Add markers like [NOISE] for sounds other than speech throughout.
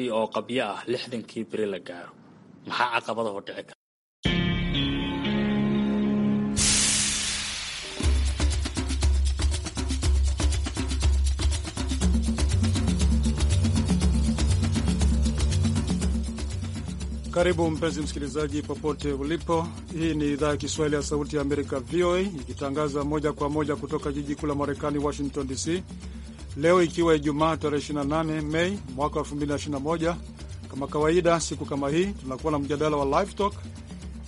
oo qabyo ah lixdankii beri la gaaro maxaa caqabada dhici kara Karibu mpenzi msikilizaji, popote ulipo. Hii ni idhaa ya Kiswahili ya Sauti ya Amerika, VOA, ikitangaza moja kwa moja kutoka jiji kuu la Marekani, Washington DC. Leo ikiwa Ijumaa tarehe 28 Mei mwaka 2021, kama kawaida, siku kama hii tunakuwa na mjadala wa Live Talk.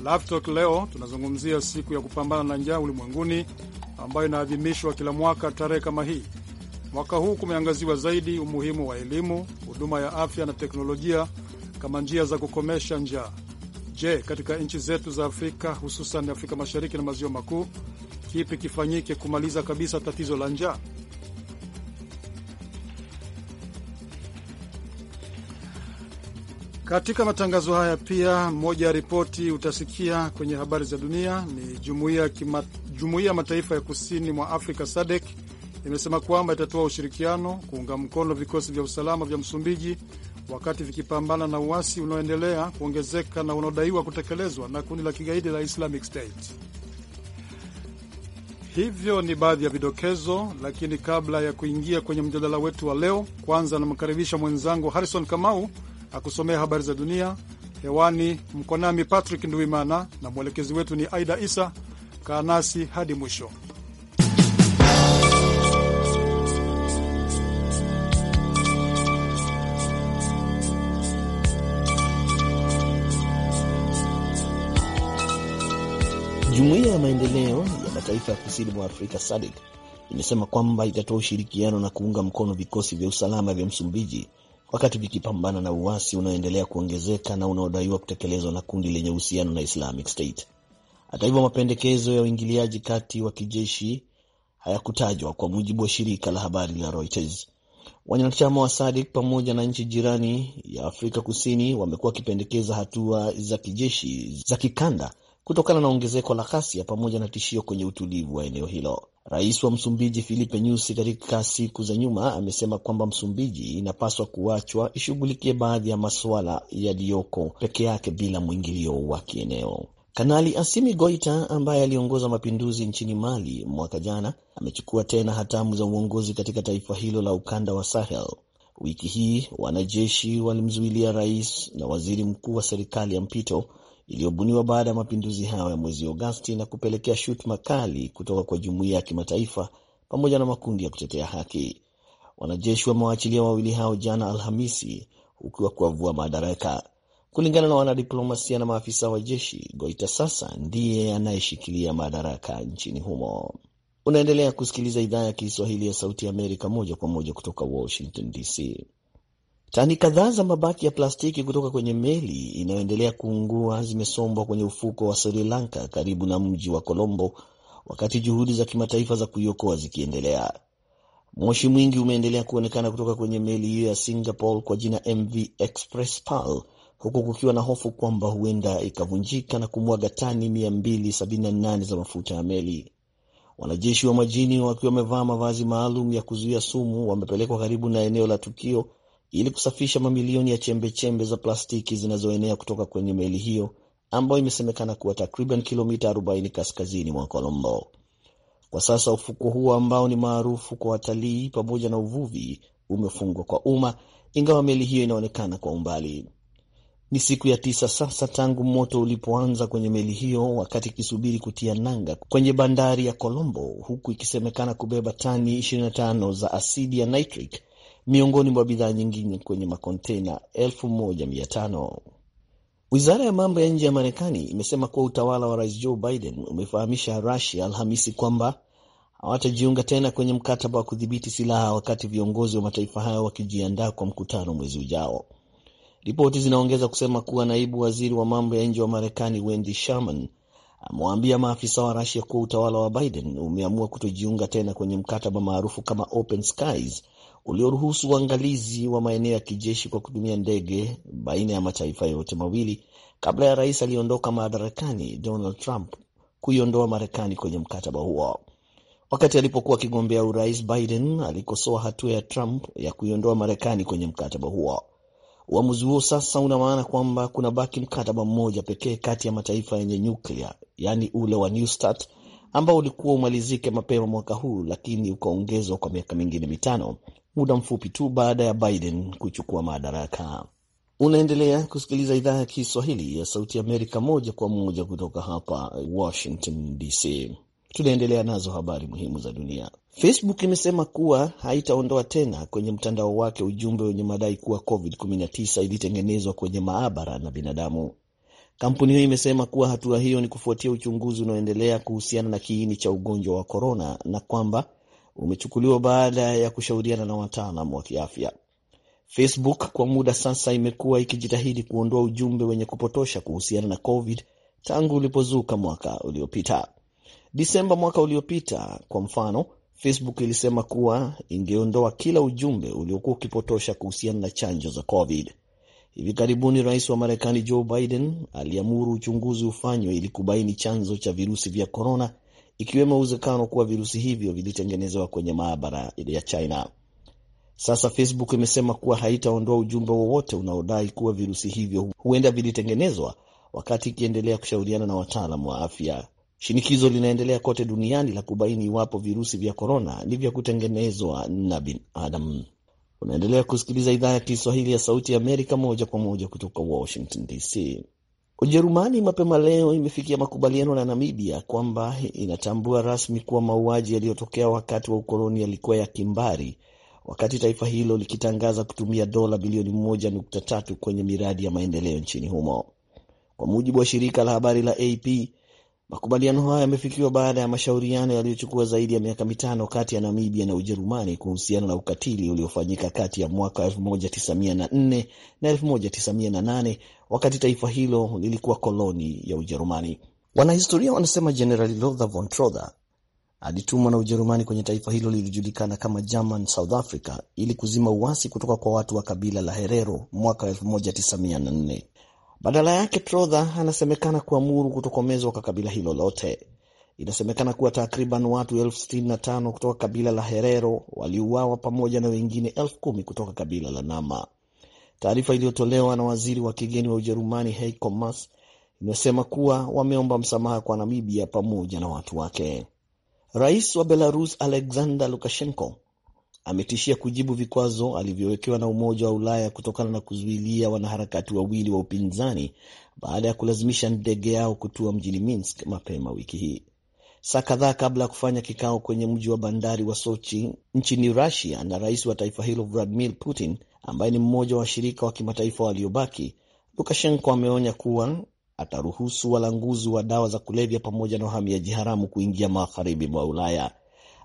Live Talk leo tunazungumzia siku ya kupambana na njaa ulimwenguni ambayo inaadhimishwa kila mwaka tarehe kama hii. Mwaka huu kumeangaziwa zaidi umuhimu wa elimu, huduma ya afya na teknolojia kama njia za kukomesha njaa. Je, katika nchi zetu za Afrika hususan Afrika Mashariki na Maziwa Makuu, kipi kifanyike kumaliza kabisa tatizo la njaa? Katika matangazo haya pia, moja ya ripoti utasikia kwenye habari za dunia ni jumuiya ya mataifa ya kusini mwa Afrika SADEK imesema kwamba itatoa ushirikiano kuunga mkono vikosi vya usalama vya Msumbiji wakati vikipambana na uasi unaoendelea kuongezeka na unaodaiwa kutekelezwa na kundi la kigaidi la Islamic State. Hivyo ni baadhi ya vidokezo, lakini kabla ya kuingia kwenye mjadala wetu wa leo, kwanza namkaribisha mwenzangu Harrison Kamau akusomea habari za dunia. Hewani mko nami Patrick Nduimana na mwelekezi wetu ni Aida Isa. Kaa nasi hadi mwisho. Jumuiya ya maendeleo ya mataifa ya kusini mwa Afrika SADC imesema kwamba itatoa ushirikiano na kuunga mkono vikosi vya usalama vya Msumbiji wakati vikipambana na uasi unaoendelea kuongezeka na unaodaiwa kutekelezwa na kundi lenye uhusiano na Islamic State. Hata hivyo, mapendekezo ya uingiliaji kati wa kijeshi hayakutajwa, kwa mujibu wa shirika la habari la Reuters. Wanachama wa SADC pamoja na nchi jirani ya Afrika Kusini wamekuwa wakipendekeza hatua za kijeshi za kikanda kutokana na ongezeko la ghasia pamoja na tishio kwenye utulivu wa eneo hilo. Rais wa Msumbiji Filipe Nyusi katika siku za nyuma amesema kwamba Msumbiji inapaswa kuachwa ishughulikie baadhi ya masuala yaliyoko peke yake bila mwingilio wa kieneo. Kanali Asimi Goita ambaye aliongoza mapinduzi nchini Mali mwaka jana amechukua tena hatamu za uongozi katika taifa hilo la ukanda wa Sahel. Wiki hii wanajeshi walimzuilia rais na waziri mkuu wa serikali ya mpito iliyobuniwa baada ya mapinduzi hayo ya mwezi Agosti na kupelekea shutuma kali kutoka kwa jumuiya ya kimataifa pamoja na makundi ya kutetea haki. Wanajeshi wamewaachilia wawili hao jana Alhamisi, huku kuwavua madaraka. Kulingana na wanadiplomasia na maafisa wa jeshi, Goita sasa ndiye anayeshikilia madaraka nchini humo. Unaendelea kusikiliza idhaa ya Kiswahili ya Sauti ya Amerika moja kwa moja kutoka Washington DC. Tani kadhaa za mabaki ya plastiki kutoka kwenye meli inayoendelea kuungua zimesombwa kwenye ufuko wa Sri Lanka karibu na mji wa Colombo, wakati juhudi za kimataifa za kuiokoa zikiendelea. Moshi mwingi umeendelea kuonekana kutoka kwenye meli hiyo ya Singapore kwa jina MV Express Pearl, huku kukiwa na hofu kwamba huenda ikavunjika na kumwaga tani 278 za mafuta ya meli. Wanajeshi wa majini wakiwa wamevaa mavazi maalum ya kuzuia sumu wamepelekwa karibu na eneo la tukio ili kusafisha mamilioni ya chembechembe -chembe za plastiki zinazoenea kutoka kwenye meli hiyo ambayo imesemekana kuwa takriban kilomita 40 kaskazini mwa Colombo. Kwa sasa ufuko huo ambao ni maarufu kwa watalii pamoja na uvuvi umefungwa kwa umma, ingawa meli hiyo inaonekana kwa umbali. Ni siku ya tisa sasa tangu moto ulipoanza kwenye meli hiyo wakati ikisubiri kutia nanga kwenye bandari ya Colombo, huku ikisemekana kubeba tani 25 za asidi ya nitric miongoni mwa bidhaa nyingine kwenye makontena 1500. Wizara ya mambo ya nje ya Marekani imesema kuwa utawala wa rais Joe Biden umefahamisha Rusia Alhamisi kwamba hawatajiunga tena kwenye mkataba wa kudhibiti silaha wakati viongozi wa mataifa hayo wakijiandaa kwa mkutano mwezi ujao. Ripoti zinaongeza kusema kuwa naibu waziri wa mambo ya nje wa Marekani Wendy Sherman amewaambia maafisa wa Rusia kuwa utawala wa Biden umeamua kutojiunga tena kwenye mkataba maarufu kama Open Skies ulioruhusu uangalizi wa maeneo ya kijeshi kwa kutumia ndege baina ya mataifa yote mawili kabla ya rais aliyeondoka madarakani Donald Trump kuiondoa Marekani kwenye mkataba huo. Wakati alipokuwa akigombea urais, Biden alikosoa hatua ya Trump ya kuiondoa Marekani kwenye mkataba huo. Uamuzi huo sasa una maana kwamba kuna baki mkataba mmoja pekee kati ya mataifa yenye nyuklia, yaani ule wa New START ambao ulikuwa umalizike mapema mwaka huu, lakini ukaongezwa kwa miaka mingine mitano muda mfupi tu baada ya Biden kuchukua madaraka. Unaendelea kusikiliza idhaa ya Kiswahili ya Sauti Amerika moja kwa moja kutoka hapa Washington DC. Tunaendelea nazo habari muhimu za dunia. Facebook imesema kuwa haitaondoa tena kwenye mtandao wake ujumbe wenye madai kuwa COVID-19 ilitengenezwa kwenye maabara na binadamu. Kampuni hiyo imesema kuwa hatua hiyo ni kufuatia uchunguzi unaoendelea kuhusiana na kiini cha ugonjwa wa korona na kwamba umechukuliwa baada ya kushauriana na wataalam wa kiafya. Facebook kwa muda sasa imekuwa ikijitahidi kuondoa ujumbe wenye kupotosha kuhusiana na COVID tangu ulipozuka mwaka uliopita. Disemba mwaka uliopita, kwa mfano, Facebook ilisema kuwa ingeondoa kila ujumbe uliokuwa ukipotosha kuhusiana na chanjo za COVID. Hivi karibuni rais wa Marekani Joe Biden aliamuru uchunguzi ufanywe ili kubaini chanzo cha virusi vya korona ikiwemo uwezekano kuwa virusi hivyo vilitengenezewa kwenye maabara ya China. Sasa Facebook imesema kuwa haitaondoa ujumbe wowote unaodai kuwa virusi hivyo huenda vilitengenezwa, wakati ikiendelea kushauriana na wataalam wa afya. Shinikizo linaendelea kote duniani la kubaini iwapo virusi vya korona ni vya kutengenezwa na binadamu. Unaendelea kusikiliza idhaa ya Kiswahili ya Sauti ya Amerika moja kwa moja kutoka Washington DC. Ujerumani mapema leo imefikia makubaliano na Namibia kwamba inatambua rasmi kuwa mauaji yaliyotokea wakati wa ukoloni yalikuwa ya kimbari, wakati taifa hilo likitangaza kutumia dola bilioni 1.3 kwenye miradi ya maendeleo nchini humo, kwa mujibu wa shirika la habari la AP. Makubaliano hayo yamefikiwa baada ya mashauriano yaliyochukua zaidi ya miaka mitano kati ya Namibia na Ujerumani kuhusiana na ukatili uliofanyika kati ya mwaka 1904 na 1908 wakati taifa hilo lilikuwa koloni ya Ujerumani. Wanahistoria wanasema Jenerali Lotha von Trotha alitumwa na Ujerumani kwenye taifa hilo lilijulikana kama German South Africa ili kuzima uasi kutoka kwa watu wa kabila la Herero mwaka 1904. Badala yake Trotha anasemekana kuamuru kutokomezwa kwa kabila hilo lote. Inasemekana kuwa takriban watu elfu sitini na tano kutoka kabila la Herero waliuawa pamoja na wengine elfu kumi kutoka kabila la Nama. Taarifa iliyotolewa na waziri wa kigeni wa Ujerumani Heiko Maas imesema kuwa wameomba msamaha kwa Namibia pamoja na watu wake. Rais wa Belarus Alexander Lukashenko ametishia kujibu vikwazo alivyowekewa na Umoja wa Ulaya kutokana na kuzuilia wanaharakati wawili wa upinzani baada ya kulazimisha ndege yao kutua mjini Minsk mapema wiki hii. Saa kadhaa kabla ya kufanya kikao kwenye mji wa bandari wa Sochi nchini Rusia na rais wa taifa hilo Vladimir Putin, ambaye ni mmoja wa washirika wa kimataifa waliobaki, Lukashenko ameonya kuwa ataruhusu walanguzi wa dawa za kulevya pamoja na wahamiaji haramu kuingia magharibi mwa Ulaya.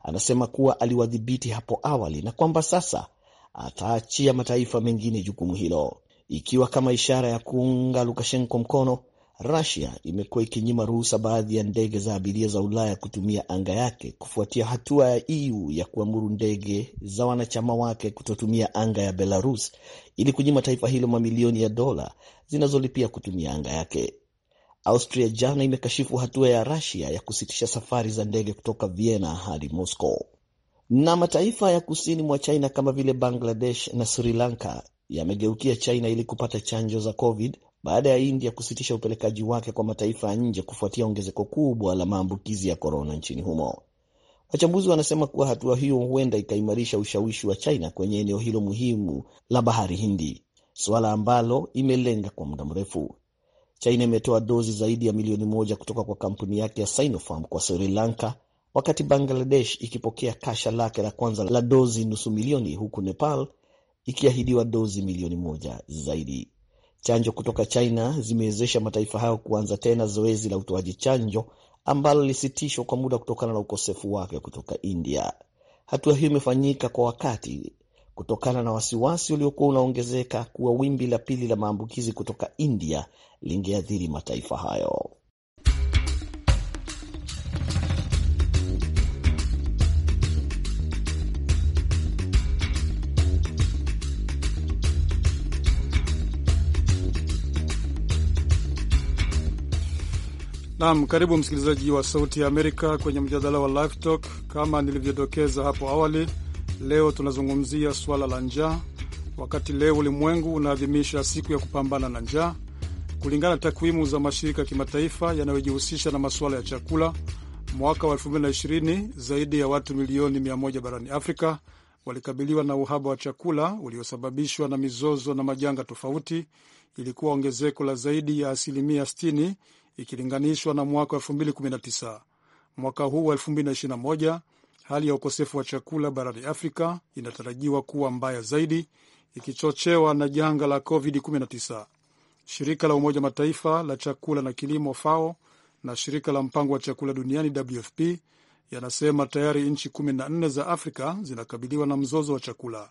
Anasema kuwa aliwadhibiti hapo awali na kwamba sasa ataachia mataifa mengine jukumu hilo, ikiwa kama ishara ya kuunga Lukashenko mkono. Rusia imekuwa ikinyima ruhusa baadhi ya ndege za abiria za Ulaya kutumia anga yake kufuatia hatua ya EU ya kuamuru ndege za wanachama wake kutotumia anga ya Belarus ili kunyima taifa hilo mamilioni ya dola zinazolipia kutumia anga yake. Austria jana imekashifu hatua ya rasia ya kusitisha safari za ndege kutoka Vienna hadi Moscow. Na mataifa ya kusini mwa China kama vile Bangladesh na Sri Lanka yamegeukia China ili kupata chanjo za COVID baada ya India kusitisha upelekaji wake kwa mataifa ya nje kufuatia ongezeko kubwa la maambukizi ya korona nchini humo. Wachambuzi wanasema kuwa hatua hiyo huenda ikaimarisha ushawishi wa China kwenye eneo hilo muhimu la bahari Hindi, suala ambalo imelenga kwa muda mrefu. China imetoa dozi zaidi ya milioni moja kutoka kwa kampuni yake ya Sinopharm kwa Sri Lanka, wakati Bangladesh ikipokea kasha lake la kwanza la dozi nusu milioni, huku Nepal ikiahidiwa dozi milioni moja zaidi. Chanjo kutoka China zimewezesha mataifa hayo kuanza tena zoezi la utoaji chanjo ambalo lilisitishwa kwa muda kutokana na ukosefu wake kutoka India. Hatua hiyo imefanyika kwa wakati kutokana na wasiwasi uliokuwa unaongezeka kuwa wimbi la pili la maambukizi kutoka India lingeathiri mataifa hayo. Naam, karibu msikilizaji wa Sauti ya Amerika kwenye mjadala wa Live Kama nilivyodokeza hapo awali Leo tunazungumzia suala la njaa, wakati leo ulimwengu unaadhimisha siku ya kupambana na njaa. Kulingana na takwimu za mashirika ya kimataifa yanayojihusisha na masuala ya chakula, mwaka wa 2020 zaidi ya watu milioni 100 barani Afrika walikabiliwa na uhaba wa chakula uliosababishwa na mizozo na majanga tofauti. Ilikuwa ongezeko la zaidi ya asilimia 60 ikilinganishwa na mwaka wa 2019. Mwaka huu wa hali ya ukosefu wa chakula barani Afrika inatarajiwa kuwa mbaya zaidi, ikichochewa na janga la COVID-19. Shirika la Umoja Mataifa la chakula na kilimo FAO na shirika la mpango wa chakula duniani WFP yanasema tayari nchi 14 za Afrika zinakabiliwa na mzozo wa chakula.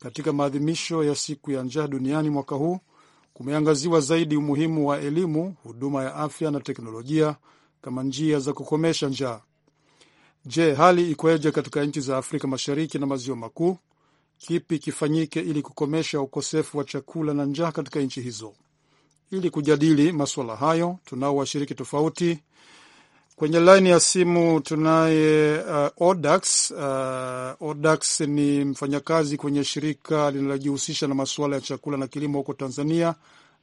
Katika maadhimisho ya siku ya njaa duniani mwaka huu kumeangaziwa zaidi umuhimu wa elimu, huduma ya afya na teknolojia kama njia za kukomesha njaa. Je, hali ikoje katika nchi za Afrika Mashariki na Maziwa Makuu? Kipi kifanyike ili kukomesha ukosefu wa chakula na njaa katika nchi hizo? Ili kujadili masuala hayo, tunao washiriki tofauti kwenye laini ya simu. Tunaye uh, Odax. Uh, Odax ni mfanyakazi kwenye shirika linalojihusisha na masuala ya chakula na kilimo huko Tanzania,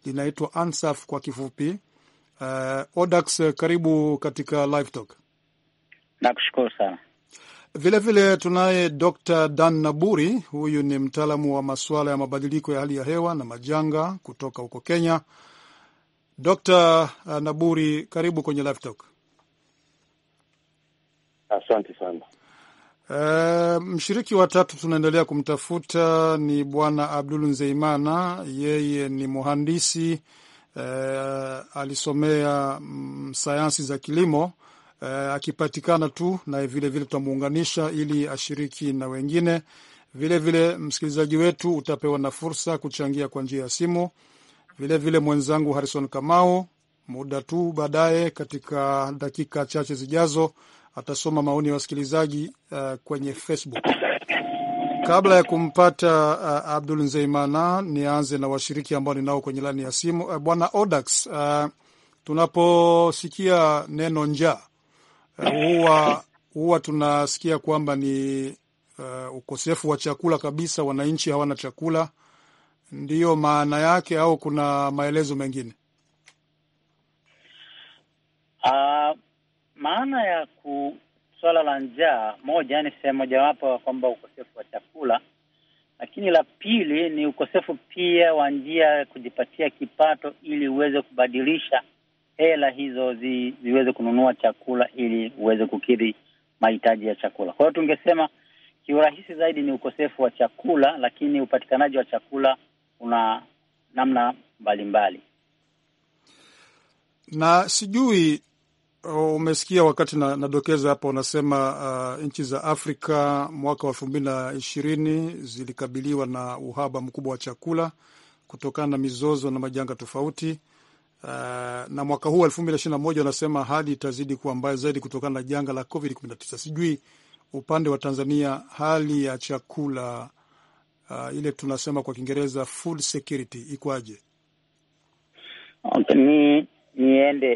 linaitwa ANSAF kwa kifupi. Uh, Odax, karibu katika Live Talk. Nakushukuru sana. Vilevile tunaye Dr. Dan Naburi, huyu ni mtaalamu wa masuala ya mabadiliko ya hali ya hewa na majanga kutoka huko Kenya. Dr. Uh, Naburi, karibu kwenye Live Talk. Asante sana. E, mshiriki wa tatu tunaendelea kumtafuta ni Bwana Abdul Nzeimana, yeye ni mhandisi e, uh, alisomea mm, sayansi za kilimo Eh, akipatikana tu, na vilevile tutamuunganisha ili ashiriki na wengine. Vilevile msikilizaji wetu utapewa na fursa kuchangia kwa njia ya simu. Vilevile mwenzangu Harrison Kamau muda tu baadaye, katika dakika chache zijazo, atasoma maoni ya wasikilizaji uh, kwenye Facebook. Kabla ya kumpata uh, Abdul Nzeimana, nianze na washiriki ambao ninao kwenye laini ya simu. Uh, Bwana Odax, uh, tunaposikia neno njaa huwa huwa tunasikia kwamba ni uh, ukosefu wa chakula kabisa, wananchi hawana chakula, ndiyo maana yake au kuna maelezo mengine? Uh, maana ya ku swala la njaa moja ni sehemu mojawapo ya kwamba ukosefu wa chakula, lakini la pili ni ukosefu pia wa njia ya kujipatia kipato ili uweze kubadilisha hela hizo zi, ziweze kununua chakula ili uweze kukidhi mahitaji ya chakula. Kwa hiyo tungesema kiurahisi zaidi ni ukosefu wa chakula, lakini upatikanaji wa chakula una namna mbalimbali na sijui uh, umesikia wakati na, nadokeza hapa unasema uh, nchi za Afrika mwaka wa elfu mbili na ishirini zilikabiliwa na uhaba mkubwa wa chakula kutokana na mizozo na majanga tofauti. Uh, na mwaka huu elfu mbili ishirini na moja wanasema hali itazidi kuwa mbaya zaidi kutokana na janga la Covid 19. Sijui upande wa Tanzania hali ya chakula uh, ile tunasema kwa Kiingereza food security ikwaje? Okay, ni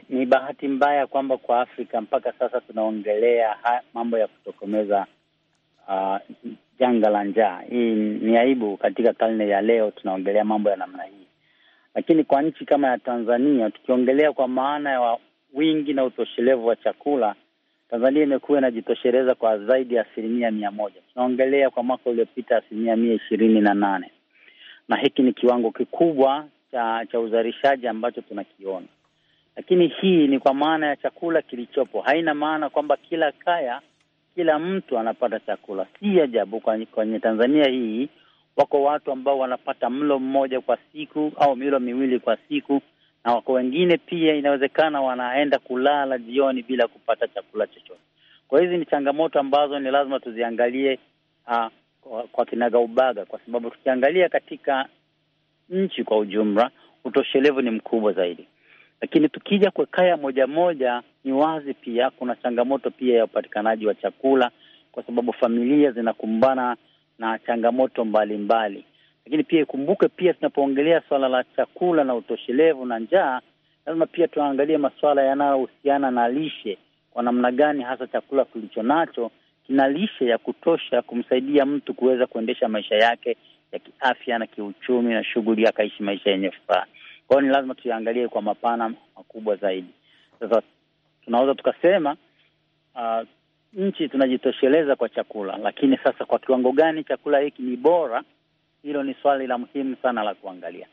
ni bahati mbaya kwamba kwa Afrika mpaka sasa tunaongelea mambo ya kutokomeza uh, janga la njaa. Hii ni aibu, katika karne ya leo tunaongelea mambo ya namna hii lakini kwa nchi kama ya Tanzania, tukiongelea kwa maana ya wingi na utoshelevu wa chakula, Tanzania imekuwa inajitosheleza kwa zaidi ya asilimia mia moja. Tunaongelea kwa mwaka uliopita asilimia mia ishirini na nane na hiki ni kiwango kikubwa cha cha uzalishaji ambacho tunakiona, lakini hii ni kwa maana ya chakula kilichopo. Haina maana kwamba kila kaya, kila mtu anapata chakula. Si ajabu kwenye Tanzania hii Wako watu ambao wanapata mlo mmoja kwa siku au milo miwili kwa siku, na wako wengine pia inawezekana wanaenda kulala jioni bila kupata chakula chochote. Kwa hizi ni changamoto ambazo ni lazima tuziangalie uh, kwa, kwa kinagaubaga, kwa sababu tukiangalia katika nchi kwa ujumla utoshelevu ni mkubwa zaidi, lakini tukija kwa kaya moja moja, ni wazi pia kuna changamoto pia ya upatikanaji wa chakula, kwa sababu familia zinakumbana na changamoto mbalimbali mbali. Lakini pia ikumbuke, pia tunapoongelea swala la chakula na utoshelevu na njaa, lazima pia tuangalie masuala yanayohusiana na lishe, kwa namna gani hasa chakula kilicho nacho kina lishe ya kutosha kumsaidia mtu kuweza kuendesha maisha yake ya kiafya na kiuchumi na shughuli, akaishi maisha yenye furaha. Kwa hiyo ni lazima tuyaangalie kwa mapana makubwa zaidi. Sasa tunaweza tukasema uh, nchi tunajitosheleza kwa chakula, lakini sasa kwa kiwango gani chakula hiki ni bora, hilo ni swali la muhimu sana la kuangalia.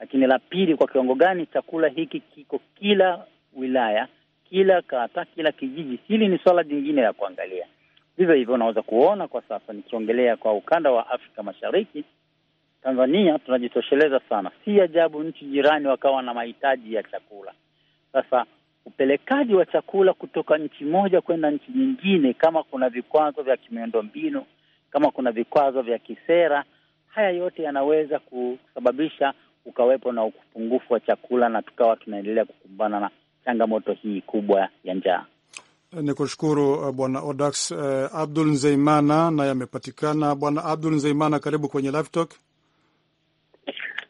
Lakini la pili, kwa kiwango gani chakula hiki kiko kila wilaya, kila kata, kila kijiji, hili ni swala jingine la kuangalia. Vivyo hivyo unaweza kuona kwa sasa, nikiongelea kwa ukanda wa Afrika Mashariki, Tanzania tunajitosheleza sana, si ajabu nchi jirani wakawa na mahitaji ya chakula. Sasa upelekaji wa chakula kutoka nchi moja kwenda nchi nyingine, kama kuna vikwazo vya kimiundombinu, kama kuna vikwazo vya kisera, haya yote yanaweza kusababisha ukawepo na upungufu wa chakula na tukawa tunaendelea kukumbana na changamoto hii kubwa ya njaa. Ni kushukuru uh, Bwana Odax eh, Abdul Nzeimana naye amepatikana. Bwana Abdul Nzeimana, karibu kwenye Live Talk.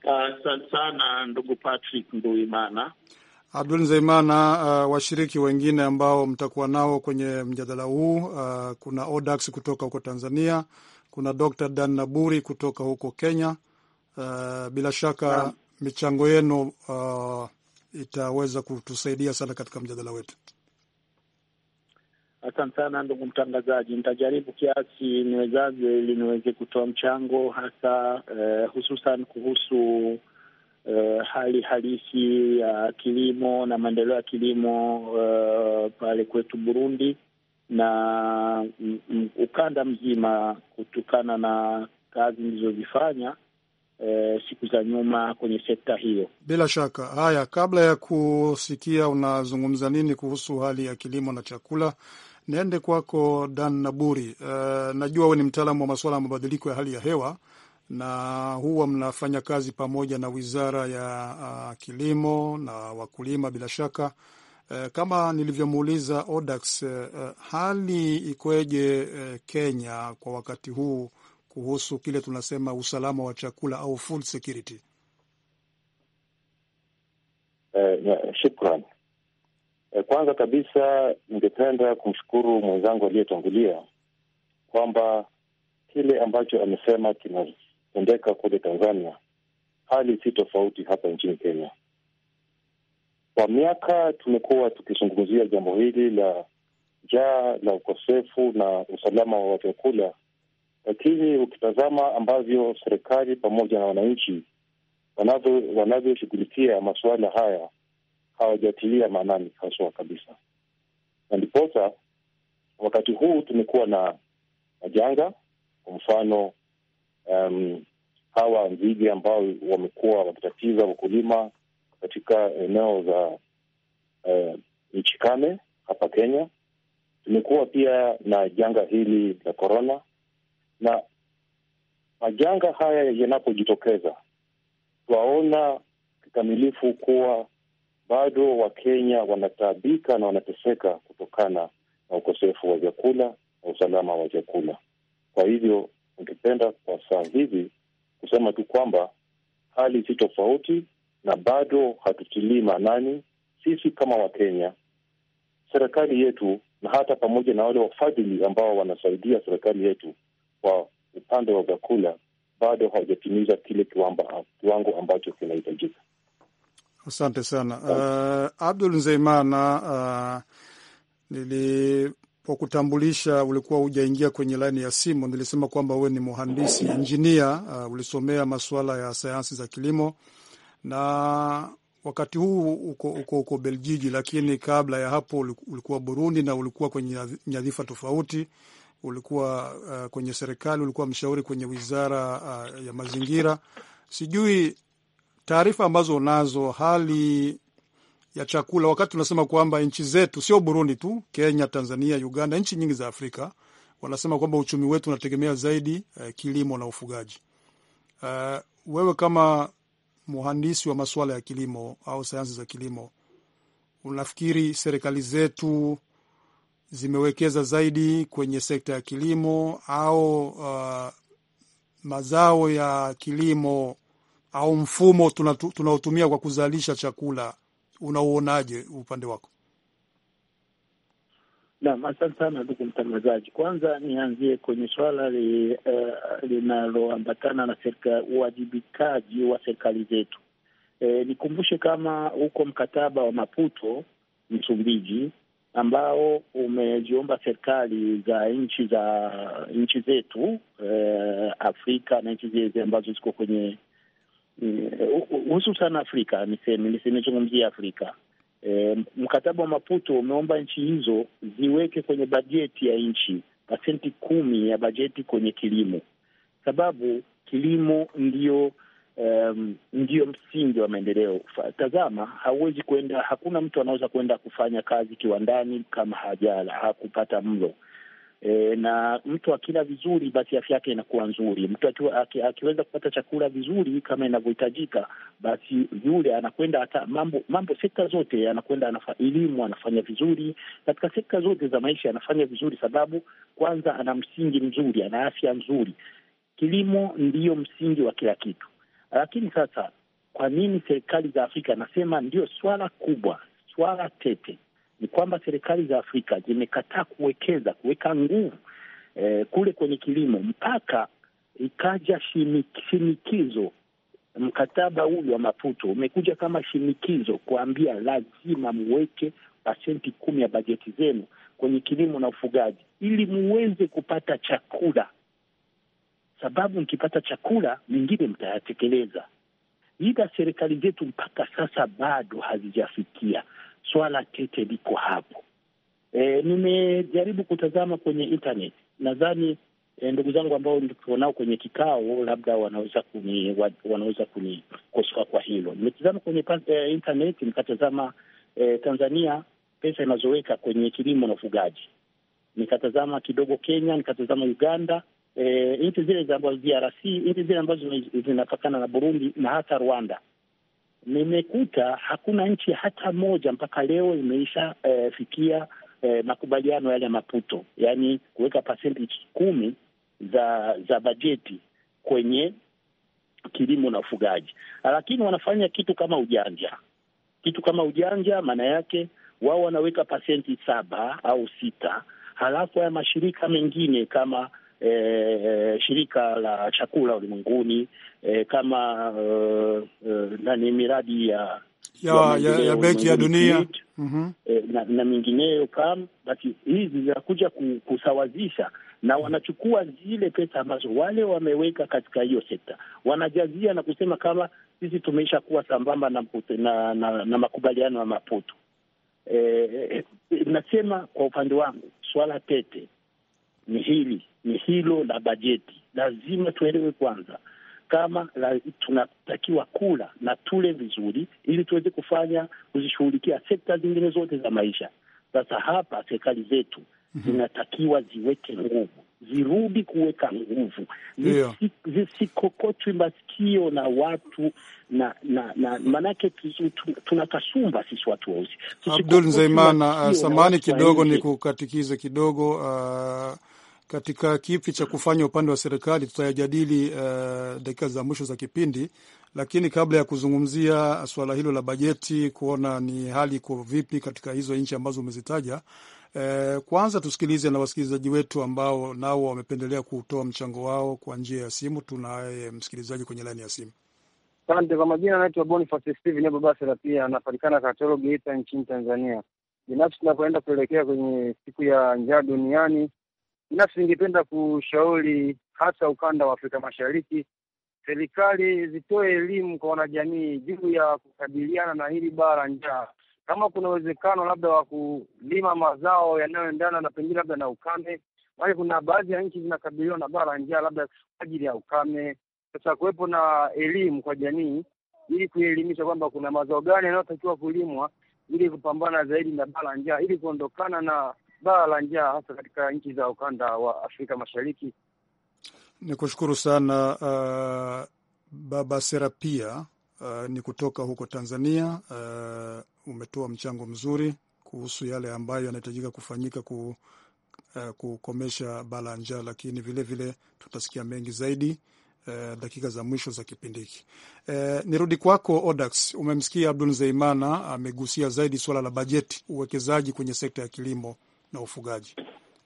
Asante uh, sana ndugu Patrick Nduimana. Abdul Zeimana. Uh, washiriki wengine ambao mtakuwa nao kwenye mjadala huu uh, kuna Odax kutoka huko Tanzania, kuna Dr Dan Naburi kutoka huko Kenya. Uh, bila shaka yeah, michango yenu uh, itaweza kutusaidia sana katika mjadala wetu. Asante sana ndugu mtangazaji, nitajaribu kiasi niwezavyo ili niweze kutoa mchango hasa eh, hususan kuhusu uh, hali halisi ya uh, kilimo na maendeleo ya kilimo uh, pale kwetu Burundi na m, m, ukanda mzima kutokana na kazi nilizozifanya E, siku za nyuma kwenye sekta hiyo. Bila shaka. Haya, kabla ya kusikia unazungumza nini kuhusu hali ya kilimo na chakula, niende kwako Dan Naburi. E, najua wewe ni mtaalamu wa masuala ya mabadiliko ya hali ya hewa na huwa mnafanya kazi pamoja na wizara ya uh, kilimo na wakulima bila shaka. Uh, kama nilivyomuuliza Odax, uh, hali ikoje uh, Kenya kwa wakati huu kuhusu kile tunasema usalama wa chakula au food security? shukran. Uh, kwanza kabisa ningependa kumshukuru mwenzangu aliyetangulia kwamba kile ambacho amesema kina yanayotendeka kule Tanzania, hali si tofauti hapa nchini Kenya. Kwa miaka tumekuwa tukizungumzia jambo hili la njaa, la ukosefu na usalama wa vyakula, lakini ukitazama ambavyo serikali pamoja na wananchi wanavyoshughulikia masuala haya hawajatilia maanani haswa kabisa, na ndiposa wakati huu tumekuwa na majanga, kwa mfano um, hawa nzige ambao wamekuwa wakitatiza wakulima katika eneo za uh, eh, nchi kame hapa Kenya. Tumekuwa pia na janga hili la korona, na majanga haya yanapojitokeza, twaona kikamilifu kuwa bado Wakenya wanataabika na wanateseka kutokana na ukosefu wa vyakula na usalama wa vyakula Kwa hivyo ningependa kwa saa hivi kusema tu kwamba hali si tofauti na bado hatutilii maanani sisi kama Wakenya, serikali yetu, na hata pamoja na wale wafadhili ambao wanasaidia serikali yetu kwa upande wa vyakula, bado hawajatimiza kile kiwango ambacho kinahitajika. Asante sana uh, Abdul Zeimana. Uh, eh, nili kwa kutambulisha, ulikuwa hujaingia kwenye laini ya simu. Nilisema kwamba wewe ni muhandisi injinia, uh, ulisomea masuala ya sayansi za kilimo na wakati huu uko, uko, uko Beljiji, lakini kabla ya hapo ulikuwa Burundi na ulikuwa kwenye nyadhifa tofauti. Ulikuwa uh, kwenye serikali, ulikuwa mshauri kwenye wizara uh, ya mazingira. Sijui taarifa ambazo unazo, hali ya chakula, wakati tunasema kwamba nchi zetu sio Burundi tu, Kenya, Tanzania, Uganda, nchi nyingi za Afrika wanasema kwamba uchumi wetu unategemea zaidi eh, kilimo na ufugaji. Uh, wewe kama mhandisi wa masuala ya kilimo au sayansi za kilimo, unafikiri serikali zetu zimewekeza zaidi kwenye sekta ya kilimo au uh, mazao ya kilimo au mfumo tunaotumia tuna kwa kuzalisha chakula unauonaje upande wako? Naam, asante sana ndugu mtangazaji. Kwanza nianzie kwenye swala eh, linaloambatana uh, na serika, uwajibikaji wa serikali zetu. E, nikumbushe kama huko mkataba wa Maputo Msumbiji, ambao umeziomba serikali za nchi za nchi zetu e, Afrika na nchi zile ambazo ziko kwenye hususan Afrika niseme nimezungumzia Afrika. E, mkataba wa Maputo umeomba nchi hizo ziweke kwenye bajeti ya nchi pasenti kumi ya bajeti kwenye kilimo, sababu kilimo ndiyo um, ndiyo msingi wa maendeleo. Tazama, hauwezi kwenda, hakuna mtu anaweza kwenda kufanya kazi kiwandani kama hajala hakupata mlo. E, na mtu akila vizuri basi afya yake inakuwa nzuri. Mtu akiwa, aki, akiweza kupata chakula vizuri kama inavyohitajika, basi yule anakwenda hata mambo mambo, sekta zote anakwenda, anafa, elimu anafanya vizuri katika sekta zote za maisha anafanya vizuri, sababu kwanza ana msingi mzuri, ana afya nzuri. Kilimo ndiyo msingi wa kila kitu, lakini sasa kwa nini serikali za Afrika, anasema ndio swala kubwa, swala tete ni kwamba serikali za Afrika zimekataa kuwekeza kuweka nguvu eh, kule kwenye kilimo mpaka ikaja shinikizo. Mkataba huu wa Maputo umekuja kama shinikizo kuambia lazima muweke pasenti kumi ya bajeti zenu kwenye kilimo na ufugaji ili muweze kupata chakula, sababu mkipata chakula mingine mtayatekeleza. Ila serikali zetu mpaka sasa bado hazijafikia swala tete liko hapo. E, nimejaribu kutazama kwenye internet. Nadhani e, ndugu zangu ambao tuko nao kwenye kikao labda wanaweza kuni wanaweza kunikosoa kwa hilo. Nimetazama kwenye e, internet nikatazama e, Tanzania pesa inazoweka kwenye kilimo na ufugaji, nikatazama kidogo Kenya, nikatazama Uganda, e, nchi zile ambazo DRC, nchi zile ambazo zinapakana na Burundi na hata Rwanda nimekuta hakuna nchi hata moja mpaka leo imeishafikia eh, eh, makubaliano yale ya Maputo, yaani kuweka pasenti kumi za za bajeti kwenye kilimo na ufugaji, lakini wanafanya kitu kama ujanja. Kitu kama ujanja, maana yake wao wanaweka pasenti saba au sita, halafu haya mashirika mengine kama E, shirika la chakula ulimwenguni e, kama e, nani miradi ya ya, ya, ya Benki ya Dunia mm -hmm. E, na, na mingineyo kama basi hizi zinakuja kusawazisha na mhm. wanachukua zile pesa ambazo wale wameweka katika hiyo sekta wanajazia na kusema kama sisi tumeisha kuwa sambamba na, na, na, na makubaliano ya Maputo. E, e, nasema kwa upande wangu swala tete ni hili, ni hilo la bajeti. Lazima tuelewe kwanza kama la, tunatakiwa kula na tule vizuri, ili tuweze kufanya kuzishughulikia sekta zingine zote za maisha. Sasa hapa serikali zetu mhm. zinatakiwa ziweke nguvu, zirudi kuweka nguvu, zisikokotwi zisi masikio na watu na na, na tuna kasumba sisi watu weusi. Abdul Nzeimana, ah, samani kidogo kukatikize kidogo uh katika kipi cha kufanya upande wa serikali tutayajadili uh, eh, dakika za mwisho za kipindi, lakini kabla ya kuzungumzia suala hilo la bajeti, kuona ni hali iko vipi katika hizo nchi ambazo umezitaja, uh, kwanza tusikilize na wasikilizaji wetu ambao nao wamependelea kutoa mchango wao kwa njia ya simu. Tunaye msikilizaji kwenye laini ya simu. Asante kwa majina, anaitwa Boniface Steven Babasela, pia anapatikana Katoro, Geita nchini Tanzania. Binafsi tunapoenda kuelekea kwenye siku ya njaa duniani Binafsi ningependa kushauri hasa ukanda wa Afrika Mashariki, serikali zitoe elimu kwa wanajamii juu ya kukabiliana na hili baa la njaa. Kama kuna uwezekano labda wa kulima mazao yanayoendana na pengine labda na ukame, maana kuna baadhi ya nchi zinakabiliwa na baa la njaa labda kwa ajili ya ukame. Sasa kuwepo na elimu kwa jamii ili kuelimisha kwamba kuna mazao gani yanayotakiwa kulimwa ili kupambana zaidi na baa la njaa ili kuondokana na baa la njaa hasa katika nchi za ukanda wa Afrika Mashariki. Ni kushukuru sana uh, Baba Serapia uh, ni kutoka huko Tanzania. Uh, umetoa mchango mzuri kuhusu yale ambayo yanahitajika kufanyika ku, uh, kukomesha baa la njaa, lakini vilevile tutasikia mengi zaidi uh, dakika za mwisho za kipindi hiki. Uh, nirudi kwako Odax. Umemsikia Abdul Zeimana amegusia zaidi suala la bajeti, uwekezaji kwenye sekta ya kilimo na ufugaji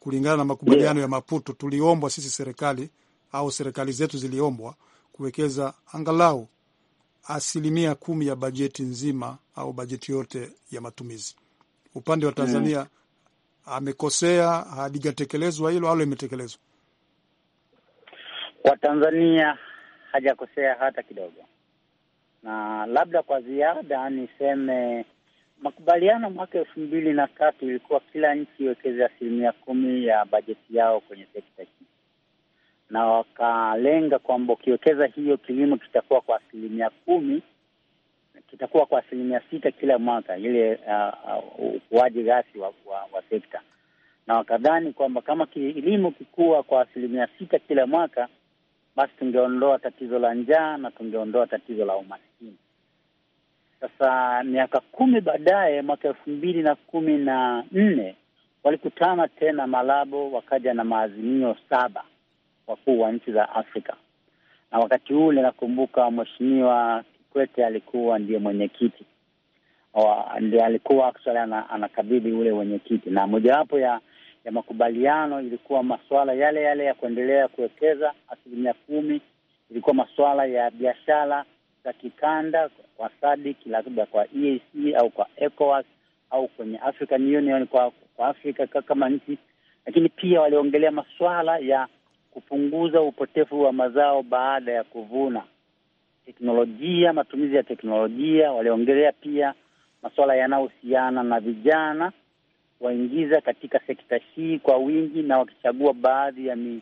kulingana na makubaliano ya Maputo. Tuliombwa sisi serikali au serikali zetu ziliombwa kuwekeza angalau asilimia kumi ya bajeti nzima au bajeti yote ya matumizi. Upande wa Tanzania mm. amekosea, halijatekelezwa hilo au imetekelezwa? Kwa Tanzania hajakosea hata kidogo, na labda kwa ziada niseme makubaliano mwaka elfu mbili na tatu ilikuwa kila nchi iwekeze asilimia kumi ya bajeti yao kwenye sekta hii, na wakalenga kwamba ukiwekeza hiyo, kilimo kitakuwa kwa asilimia kumi kitakuwa kwa asilimia sita kila mwaka, ile ukuaji uh, uh, ghafi wa, wa, wa sekta. Na wakadhani kwamba kama kilimo kikuwa kwa asilimia sita kila mwaka, basi tungeondoa tatizo la njaa na tungeondoa tatizo la umaskini. Sasa miaka kumi baadaye, mwaka elfu mbili na kumi na nne walikutana tena Malabo, wakaja na maazimio saba wakuu wa nchi za Afrika, na wakati ule nakumbuka Mheshimiwa Kikwete alikuwa ndiye mwenyekiti, ndiye alikuwa actually anakabidhi ule wenyekiti, na mojawapo ya ya makubaliano ilikuwa masuala yale yale ya kuendelea kuwekeza asilimia kumi, ilikuwa masuala ya biashara za kikanda kwa SADC, labda kwa EAC au kwa ECOWAS au kwenye African Union kwa, kwa Afrika kama nchi, lakini pia waliongelea masuala ya kupunguza upotevu wa mazao baada ya kuvuna, teknolojia, matumizi ya teknolojia. Waliongelea pia masuala yanayohusiana na vijana waingiza katika sekta hii kwa wingi, na wakichagua baadhi ya mi,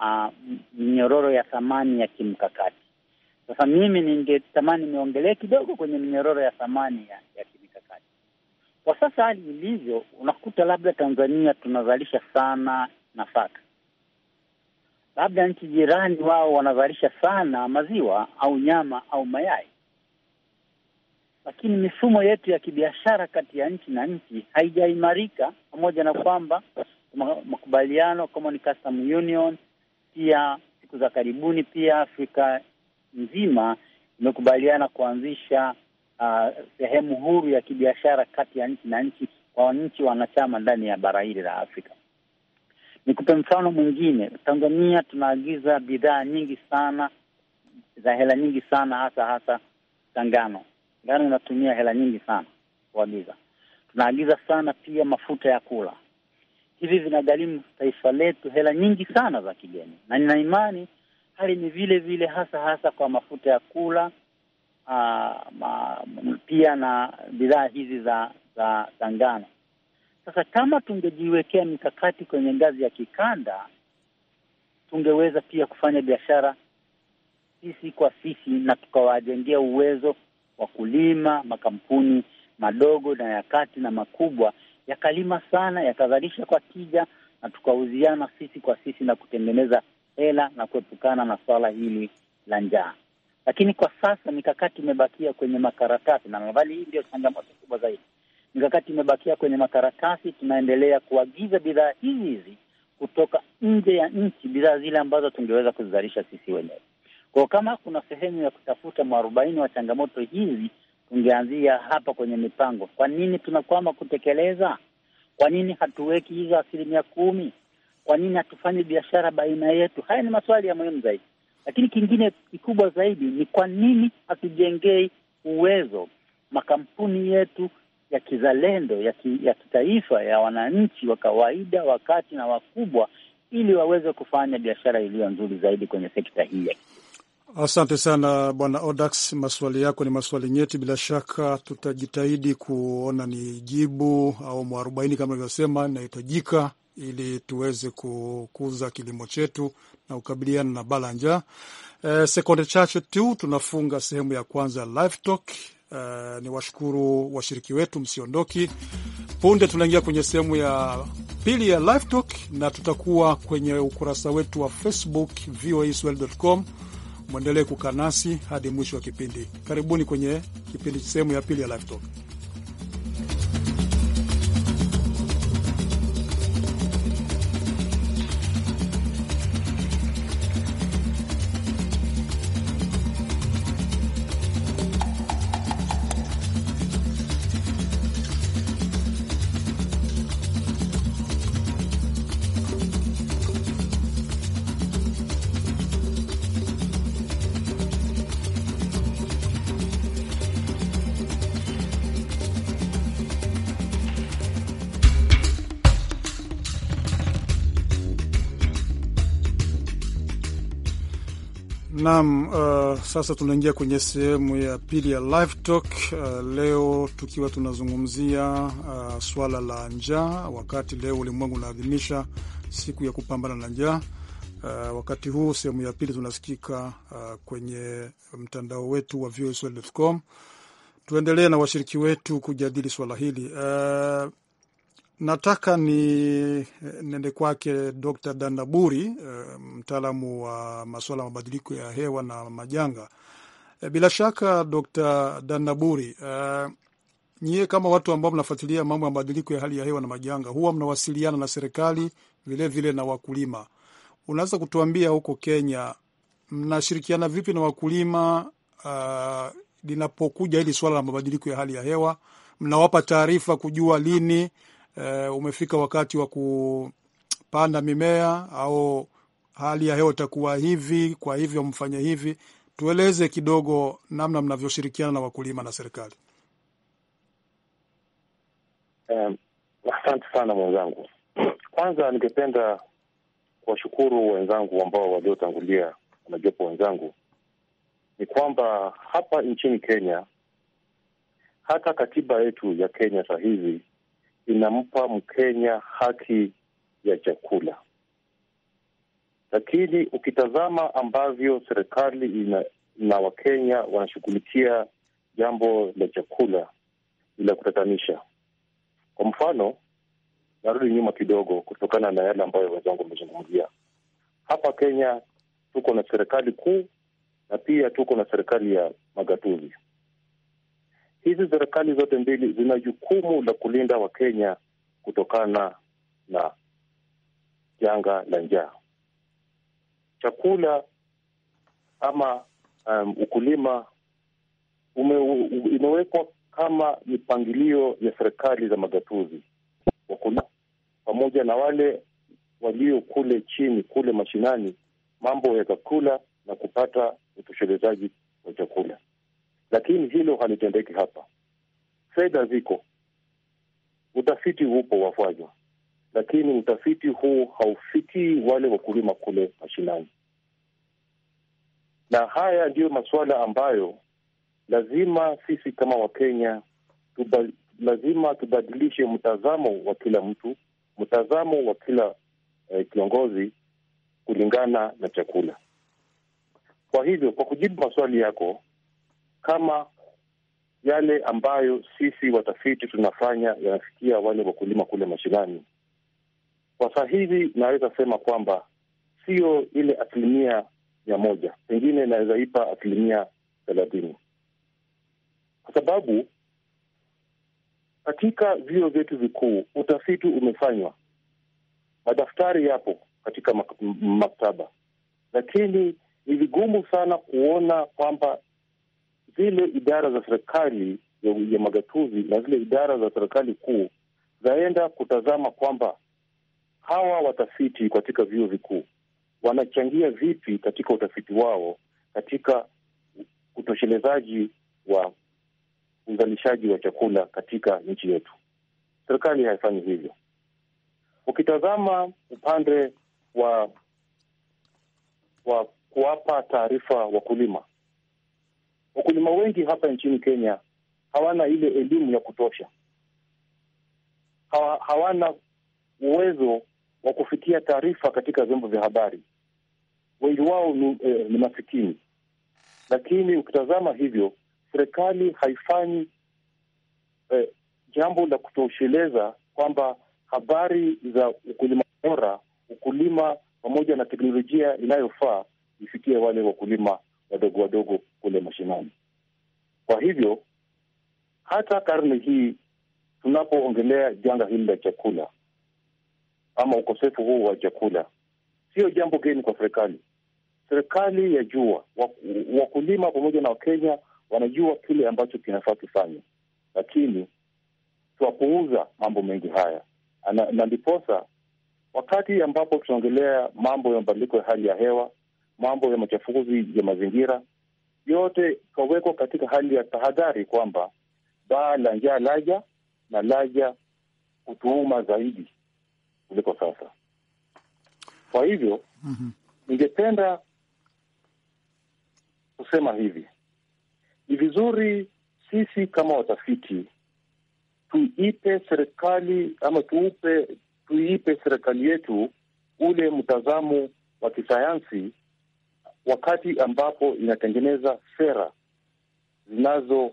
uh, minyororo ya thamani ya kimkakati. Sasa mimi ningetamani niongelee kidogo kwenye minyororo ya thamani ya, ya kimikakati. Kwa sasa hali ilivyo, unakuta labda Tanzania tunazalisha sana nafaka, labda nchi jirani wao wanazalisha sana maziwa au nyama au mayai, lakini mifumo yetu ya kibiashara kati ya nchi na nchi haijaimarika, pamoja na kwamba makubaliano union, pia siku za karibuni pia afrika nzima imekubaliana kuanzisha uh, sehemu huru ya kibiashara kati ya nchi na nchi kwa nchi wanachama ndani ya bara hili la Afrika. Nikupe mfano mwingine, Tanzania tunaagiza bidhaa nyingi sana za hela nyingi sana, hasa hasa za ngano. Ngano inatumia hela nyingi sana kuagiza. Tunaagiza sana pia mafuta ya kula. Hivi vinagharimu taifa letu hela nyingi sana za kigeni, na nina imani Hali ni vile vile hasa hasa kwa mafuta ya kula uh, ma, pia na bidhaa hizi za, za, za ngano. Sasa kama tungejiwekea mikakati kwenye ngazi ya kikanda, tungeweza pia kufanya biashara sisi kwa sisi na tukawajengea uwezo wa kulima makampuni madogo na ya kati na makubwa yakalima sana yakazalisha kwa tija, na tukauziana sisi kwa sisi na kutengeneza hela na kuepukana na swala hili la njaa. Lakini kwa sasa mikakati imebakia kwenye makaratasi, na nadhani hii ndio changamoto kubwa zaidi. Mikakati imebakia kwenye makaratasi, tunaendelea kuagiza bidhaa hizi hizi kutoka nje ya nchi, bidhaa zile ambazo tungeweza kuzizalisha sisi wenyewe. Kwa kama kuna sehemu ya kutafuta mwarobaini wa changamoto hizi, tungeanzia hapa kwenye mipango. Kwa nini tunakwama kutekeleza? Kwa nini hatuweki hizo asilimia kumi? Kwa nini hatufanye biashara baina yetu? Haya ni maswali ya muhimu zaidi, lakini kingine kikubwa zaidi ni kwa nini hatujengei uwezo makampuni yetu ya kizalendo ya, ki, ya kitaifa ya wananchi wa kawaida, wakati na wakubwa, ili waweze kufanya biashara iliyo nzuri zaidi kwenye sekta hii ya Asante sana Bwana Odax, maswali yako ni maswali nyeti. Bila shaka tutajitahidi kuona ni jibu au mwarobaini kama ilivyosema inahitajika ili tuweze kukuza kilimo chetu na kukabiliana na bala njaa. E, eh, sekunde chache tu tunafunga sehemu ya kwanza live talk. E, ni washukuru washiriki wetu, msiondoki. Punde tunaingia kwenye sehemu ya pili ya live talk, na tutakuwa kwenye ukurasa wetu wa Facebook voaswahili.com. Mwendelee kukaa nasi hadi mwisho wa kipindi. Karibuni kwenye kipindi, sehemu ya pili ya live talk. Naam, uh, sasa tunaingia kwenye sehemu ya pili ya live talk uh, leo tukiwa tunazungumzia uh, swala la njaa, wakati leo ulimwengu unaadhimisha siku ya kupambana na njaa. Uh, wakati huu sehemu ya pili tunasikika uh, kwenye mtandao wetu wa voaswahili.com. Tuendelee na washiriki wetu kujadili swala hili uh, Nataka ni nende kwake Dr. Dandaburi, eh, mtaalamu wa masuala ya mabadiliko ya hewa na majanga. Eh, bila shaka Dr. Dandaburi, uh, nyie kama watu ambao mnafuatilia mambo ya mabadiliko ya hali ya hewa na majanga, huwa mnawasiliana na serikali vilevile vile na wakulima. Unaweza kutuambia huko Kenya mnashirikiana vipi na wakulima uh, linapokuja hili swala la mabadiliko ya hali ya hewa? Mnawapa taarifa kujua lini eh, umefika wakati wa kupanda mimea au hali ya hewa itakuwa hivi, kwa hivyo mfanye hivi. Tueleze kidogo namna mnavyoshirikiana na wakulima na serikali. Um, asante sana mwenzangu. Kwanza ningependa kuwashukuru wenzangu ambao waliotangulia, wanajopo wenzangu, ni kwamba hapa nchini Kenya hata katiba yetu ya Kenya saa hizi inampa Mkenya haki ya chakula, lakini ukitazama ambavyo serikali ina, na Wakenya wanashughulikia jambo la chakula ni la kutatanisha. Kwa mfano, narudi nyuma kidogo kutokana na yale ambayo wenzangu wamezungumzia. Hapa Kenya tuko na serikali kuu na pia tuko na serikali ya magatuzi hizi serikali zote mbili zina jukumu la kulinda Wakenya kutokana na janga la njaa. Chakula ama um, ukulima imewekwa kama mipangilio ya serikali za magatuzi. Wakulima pamoja na wale walio kule chini kule mashinani, mambo ya chakula na kupata utoshelezaji wa chakula lakini hilo halitendeki hapa. Fedha ziko, utafiti upo wafanywa, lakini utafiti huu haufikii wale wakulima kule mashinani, na haya ndiyo masuala ambayo lazima sisi kama Wakenya tuba, lazima tubadilishe mtazamo wa kila mtu, mtazamo wa kila eh, kiongozi kulingana na chakula. Kwa hivyo, kwa kujibu maswali yako kama yale ambayo sisi watafiti tunafanya yanafikia wale wakulima kule mashinani. Kwa sa hivi naweza sema kwamba sio ile asilimia mia moja, pengine inaweza ipa asilimia thelathini, kwa sababu katika vyuo vyetu vikuu utafiti umefanywa, madaftari yapo katika maktaba, lakini ni vigumu sana kuona kwamba zile idara za serikali ya, ya magatuzi na zile idara za serikali kuu zaenda kutazama kwamba hawa watafiti katika vyuo vikuu wanachangia vipi katika utafiti wao katika utoshelezaji wa uzalishaji wa chakula katika nchi yetu. Serikali haifanyi hivyo. Ukitazama upande wa wa kuwapa taarifa wakulima, wakulima wengi hapa nchini Kenya hawana ile elimu ya kutosha, hawa, hawana uwezo wa kufikia taarifa katika vyombo vya habari. Wengi wao ni, eh, ni masikini, lakini ukitazama hivyo serikali haifanyi eh, jambo la kutosheleza kwamba habari za ukulima bora, ukulima pamoja na teknolojia inayofaa ifikie wale wakulima wadogo wadogo kule mashinani. Kwa hivyo hata karne hii tunapoongelea janga hili la chakula ama ukosefu huu wa chakula, sio jambo geni kwa serikali. Serikali ya jua wakulima pamoja na Wakenya wanajua kile ambacho kinafaa kifanye, lakini twapuuza mambo mengi haya Ana, na ndiposa wakati ambapo tunaongelea mambo ya mabadiliko ya hali ya hewa, mambo ya machafuzi ya mazingira, yote kawekwa katika hali ya tahadhari kwamba baa la njaa laja na laja kutuuma zaidi kuliko sasa. Kwa hivyo mhm. ningependa mm -hmm. kusema hivi, ni vizuri sisi kama watafiti tuipe serikali ama tuupe tuipe serikali yetu ule mtazamo wa kisayansi wakati ambapo inatengeneza sera zinazo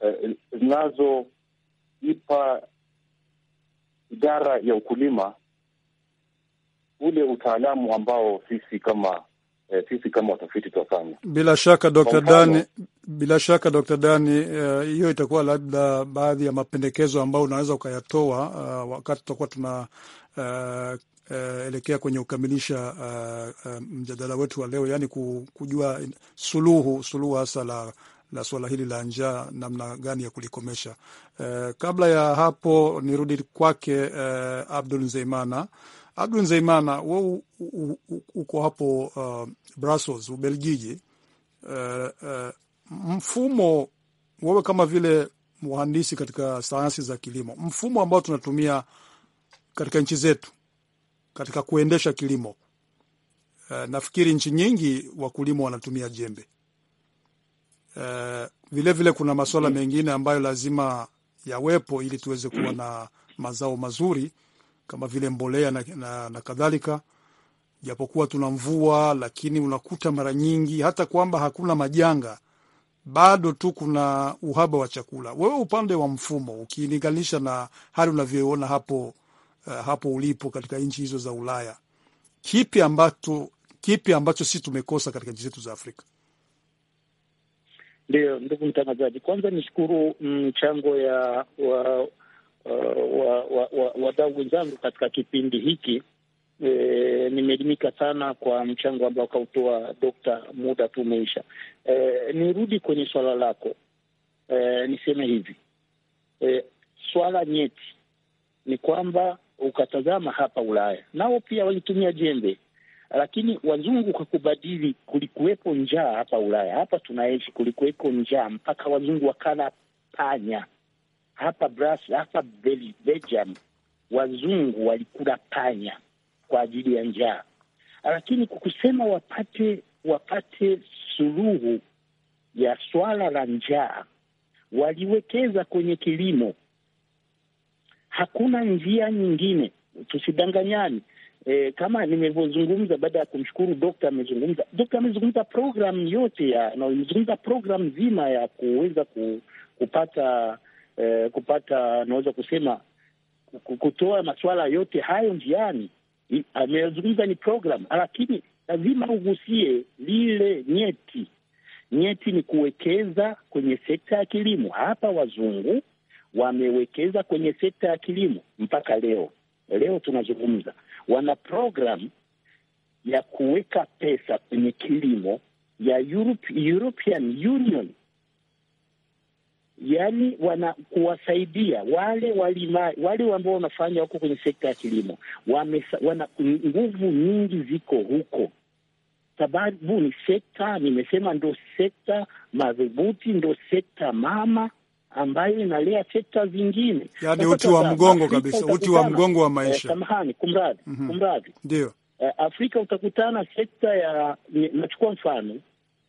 eh, zinazoipa idara ya ukulima ule utaalamu ambao sisi kama eh, sisi kama watafiti tuwafanya. Bila shaka Dr. Dani, bila shaka Dr. Dani, eh, hiyo uh, itakuwa labda baadhi ya mapendekezo ambayo unaweza ukayatoa uh, wakati tutakuwa tuna uh, uh, elekea kwenye kukamilisha uh, uh, mjadala wetu wa leo, yaani kujua suluhu suluhu hasa la la suala hili la njaa, namna gani ya kulikomesha. Uh, kabla ya hapo nirudi kwake uh, Abdul Zeimana. Abdul Zeimana, we uko hapo uh, Brussels, Ubelgiji. Uh, uh, mfumo wewe kama vile mhandisi katika sayansi za kilimo, mfumo ambao tunatumia katika nchi zetu katika kuendesha kilimo. Uh, nafikiri nchi nyingi wakulima wanatumia jembe. Uh, vile kuna masuala mm, mengine ambayo lazima yawepo ili tuweze kuwa mm. na mazao mazuri kama vile mbolea na, na, na kadhalika. Japokuwa tuna mvua, lakini unakuta mara nyingi hata kwamba hakuna majanga, bado tu kuna uhaba wa chakula. Wewe upande wa mfumo ukilinganisha na hali unavyoiona hapo Eh, hapo ulipo katika nchi hizo za Ulaya, kipi ambacho kipi ambacho sisi tumekosa katika nchi zetu za Afrika? Ndiyo, ndugu mtangazaji, kwanza nishukuru mm, mchango ya wa wadau wa, wa, wa wenzangu katika kipindi hiki. E, nimeelimika sana kwa mchango ambao akautoa Dokta. Muda tu umeisha. E, nirudi kwenye swala lako. E, niseme hivi e, swala nyeti ni kwamba ukatazama hapa Ulaya, nao pia walitumia jembe, lakini wazungu kwa kubadili, kulikuwepo njaa hapa Ulaya, hapa tunaishi, kulikuwepo njaa mpaka wazungu wakala panya. Hapa Brussels, hapa Belgium, wazungu walikula panya kwa ajili ya njaa, lakini kwa kusema wapate wapate suluhu ya swala la njaa, waliwekeza kwenye kilimo hakuna njia nyingine, tusidanganyani. E, kama nimevyozungumza baada ya kumshukuru dokta, amezungumza dokta amezungumza programu yote ya na imezungumza programu nzima ya kuweza ku, kupata e, kupata naweza kusema kutoa masuala yote hayo njiani, amezungumza ni programu, lakini lazima ugusie lile nyeti. Nyeti ni kuwekeza kwenye sekta ya kilimo. Hapa wazungu wamewekeza kwenye sekta ya kilimo mpaka leo. Leo tunazungumza, wana program ya kuweka pesa kwenye kilimo ya Europe, European Union, yaani wana kuwasaidia wale walima, wale ambao wanafanya huko kwenye sekta ya kilimo wame, wana nguvu nyingi ziko huko sababu ni sekta, nimesema ndo sekta madhubuti, ndo sekta mama ambayo inalea sekta zingine, yani uti wa mgongo kabisa, uti wa mgongo wa eh, maisha. Samahani, kumradhi, mhm. kumradhi, ndio eh, Afrika utakutana sekta ya, nachukua mfano,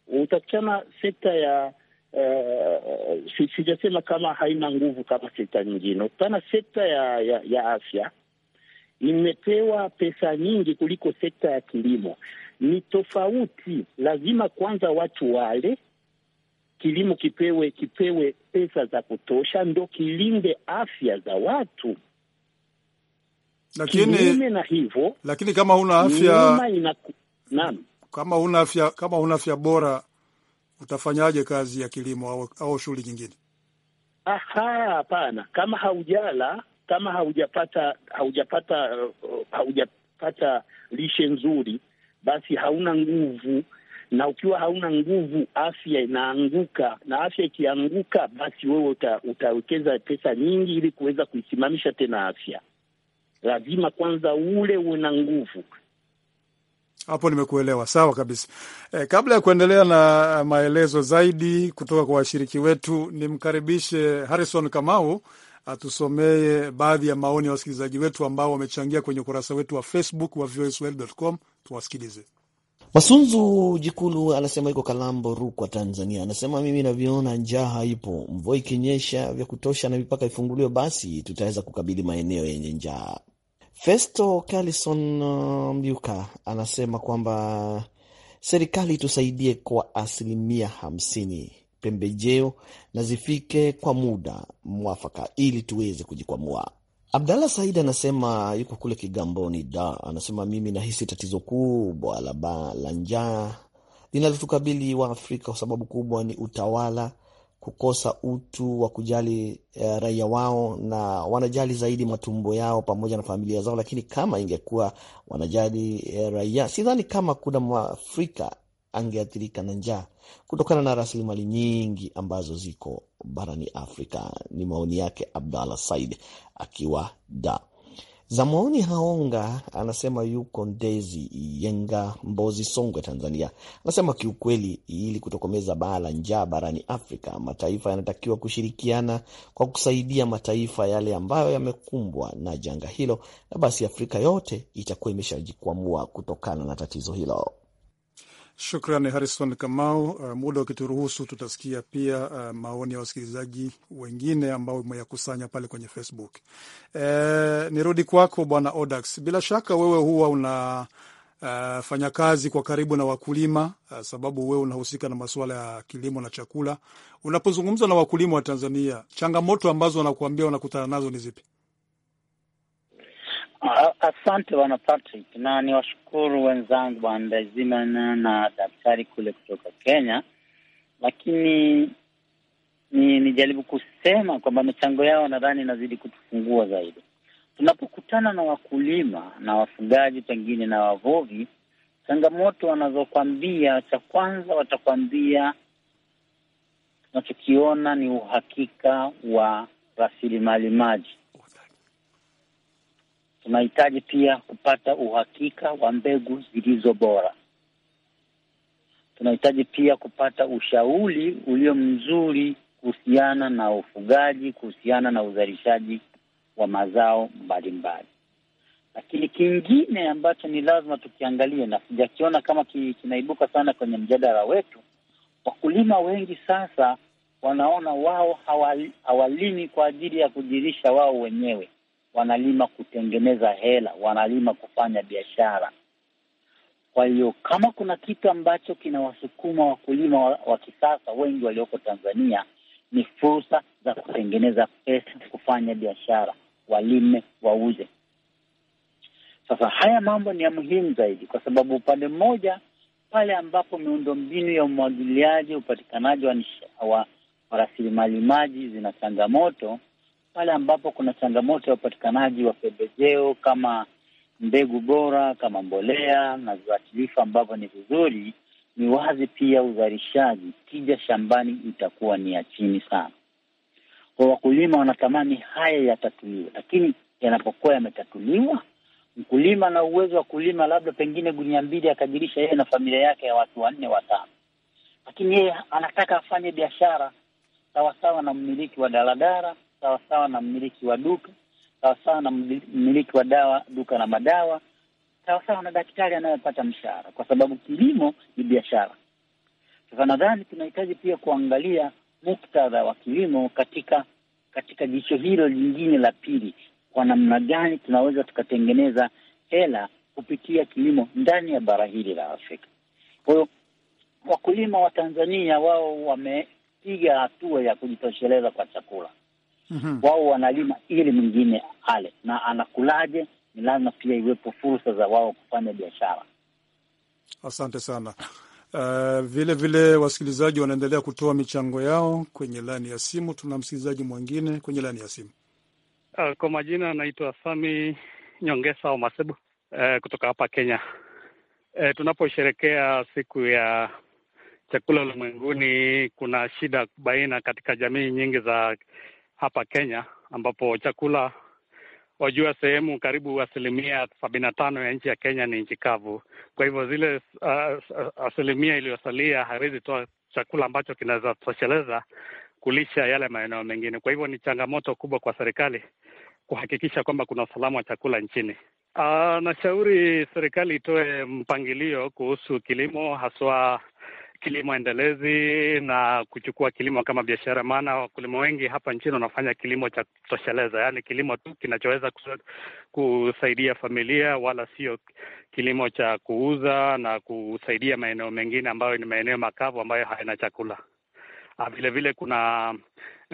utakutana sekta ya uh, sijasema kama haina nguvu kama sekta nyingine. Utakutana sekta ya, ya, ya afya imepewa pesa nyingi kuliko sekta ya kilimo. Ni tofauti, lazima kwanza watu wale kilimo kipewe kipewe pesa za kutosha, ndo kilinde afya za watu. Lakini kinyume na hivyo, lakini kama huna afya inaku, naam, kama huna afya kama huna afya bora utafanyaje kazi ya kilimo au, au shughuli nyingine? Aha, hapana. Kama haujala kama haujapata haujapata uh, haujapata lishe nzuri, basi hauna nguvu na ukiwa hauna nguvu, afya inaanguka, na afya ikianguka, basi wewe uta, utawekeza pesa nyingi ili kuweza kuisimamisha tena afya. Lazima kwanza ule uwe na nguvu. Hapo nimekuelewa sawa kabisa. E, kabla ya kuendelea na maelezo zaidi kutoka kwa washiriki wetu, nimkaribishe Harrison Kamau atusomee baadhi ya maoni ya wasikilizaji wetu ambao wamechangia kwenye ukurasa wetu wa Facebook wa voaswahili.com. Tuwasikilize. Masunzu Jikulu anasema iko Kalambo, Rukwa, Tanzania. Anasema mimi navyoona njaa haipo, mvua ikinyesha vya kutosha na mipaka ifunguliwe, basi tutaweza kukabili maeneo yenye njaa. Festo calison uh, Mbyuka anasema kwamba serikali itusaidie kwa asilimia hamsini, pembejeo na zifike kwa muda mwafaka ili tuweze kujikwamua. Abdallah Said anasema yuko kule Kigamboni da, anasema mimi nahisi tatizo kubwa la njaa linalotukabili wa Afrika kwa sababu kubwa ni utawala kukosa utu wa kujali uh, raia wao, na wanajali zaidi matumbo yao pamoja na familia zao. Lakini kama ingekuwa wanajali uh, raia, sidhani kama kuna mwafrika angeathirika na njaa kutokana na rasilimali nyingi ambazo ziko barani Afrika. Ni maoni yake Abdallah Said akiwa da Zamaoni Haonga anasema yuko Ndezi, Yenga, Mbozi, Songwe, Tanzania. Anasema kiukweli, ili kutokomeza baa la njaa barani Afrika, mataifa yanatakiwa kushirikiana kwa kusaidia mataifa yale ambayo yamekumbwa na janga hilo, na basi Afrika yote itakuwa imeshajikwamua kutokana na tatizo hilo. Shukrani Harrison Kamau. Uh, muda ukituruhusu, tutasikia pia uh, maoni ya wasikilizaji wengine ambao umeyakusanya pale kwenye Facebook. Uh, nirudi kwako Bwana Odax, bila shaka wewe huwa una uh, fanya kazi kwa karibu na wakulima uh, sababu wewe unahusika na masuala ya kilimo na chakula. Unapozungumza na wakulima wa Tanzania, changamoto ambazo wanakuambia wanakutana nazo ni zipi? Asante bwana Patrick, na niwashukuru wenzangu bwana Ndazimana na daktari kule kutoka Kenya, lakini ni nijaribu kusema kwamba michango yao nadhani inazidi kutufungua zaidi. Tunapokutana na wakulima na wafugaji, pengine na wavuvi, changamoto wanazokwambia, cha kwanza watakwambia tunachokiona ni uhakika wa rasilimali maji tunahitaji pia kupata uhakika wa mbegu zilizo bora. Tunahitaji pia kupata ushauri ulio mzuri kuhusiana na ufugaji, kuhusiana na uzalishaji wa mazao mbalimbali. Lakini kingine ambacho ni lazima tukiangalie, na sijakiona kama kinaibuka sana kwenye mjadala wetu, wakulima wengi sasa wanaona wao hawalimi kwa ajili ya kujirisha wao wenyewe wanalima kutengeneza hela, wanalima kufanya biashara. Kwa hiyo kama kuna kitu ambacho kinawasukuma wakulima wa, kisasa wengi walioko Tanzania ni fursa za kutengeneza pesa, kufanya biashara, walime, wauze. Sasa haya mambo ni ya muhimu zaidi, kwa sababu upande mmoja, pale ambapo miundombinu ya umwagiliaji, upatikanaji wa, wa rasilimali maji zina changamoto pale ambapo kuna changamoto ya upatikanaji wa pembejeo kama mbegu bora, kama mbolea na viuatilifu ambavyo ni vizuri, ni wazi pia uzalishaji tija shambani itakuwa ni ya chini sana. Kwa wakulima wanatamani haya yatatuliwe, lakini yanapokuwa yametatuliwa, mkulima ana uwezo wa kulima labda pengine gunia mbili akajirisha yeye na familia yake ya watu wanne watano, lakini yeye anataka afanye biashara sawasawa na mmiliki wa daladala sawasawa na mmiliki wa duka, sawasawa na mmiliki wa dawa, duka la madawa, sawasawa na daktari anayepata mshahara, kwa sababu kilimo ni biashara. Sasa nadhani tunahitaji pia kuangalia muktadha wa kilimo katika katika jicho hilo lingine la pili, kwa namna gani tunaweza tukatengeneza hela kupitia kilimo ndani ya bara hili la Afrika. Kwa hiyo wakulima wa Tanzania wao wamepiga hatua ya kujitosheleza kwa chakula, mm -hmm. wao wanalima ili mwingine ale, na anakulaje? Ni lazima pia iwepo fursa za wao kufanya biashara. Asante sana. Uh, vile vile wasikilizaji wanaendelea kutoa michango yao kwenye laini ya simu. Tuna msikilizaji mwingine kwenye laini ya simu. Uh, kwa majina anaitwa Sami Nyongesa wa Masebu, uh, kutoka hapa Kenya. Uh, tunaposherekea siku ya chakula ulimwenguni, kuna shida baina katika jamii nyingi za hapa Kenya, ambapo chakula wajua, sehemu karibu asilimia sabini na tano ya nchi ya Kenya ni nchi kavu. Kwa hivyo zile uh, asilimia iliyosalia hawezi toa chakula ambacho kinaweza tosheleza kulisha yale maeneo mengine. Kwa hivyo ni changamoto kubwa kwa serikali kuhakikisha kwamba kuna usalama wa chakula nchini. Uh, nashauri serikali itoe mpangilio kuhusu kilimo haswa kilimo endelezi na kuchukua kilimo kama biashara, maana wakulima wengi hapa nchini wanafanya kilimo cha kutosheleza, yaani kilimo tu kinachoweza kusaidia familia, wala sio kilimo cha kuuza na kusaidia maeneo mengine ambayo ni maeneo makavu ambayo hayana chakula. Vilevile ah, kuna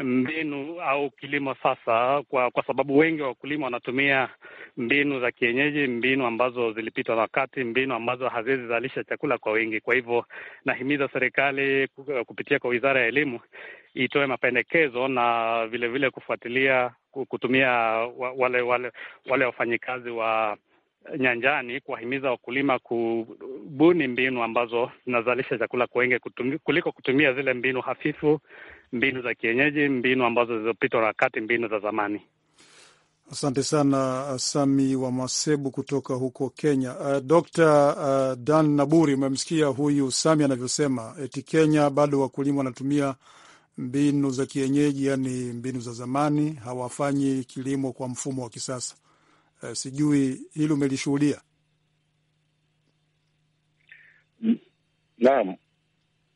mbinu au kilimo sasa, kwa kwa sababu wengi wa wakulima wanatumia mbinu za kienyeji, mbinu ambazo zilipitwa na wakati, mbinu ambazo haziwezi zalisha chakula kwa wingi. Kwa hivyo nahimiza serikali kupitia kwa wizara ya elimu itoe mapendekezo na vilevile vile kufuatilia kutumia wale wale wale wafanyikazi wa nyanjani kuwahimiza wakulima kubuni mbinu ambazo zinazalisha chakula kwa wingi kuliko kutumia zile mbinu hafifu mbinu za kienyeji, mbinu ambazo zilizopitwa na wakati, mbinu za zamani. Asante sana uh, Sami wa Masebu kutoka huko Kenya. Uh, Dr. uh, Dan Naburi, umemsikia huyu Sami anavyosema eti Kenya bado wakulima wanatumia mbinu za kienyeji, yani mbinu za zamani, hawafanyi kilimo kwa mfumo wa kisasa. Uh, sijui hili umelishuhudia? Naam,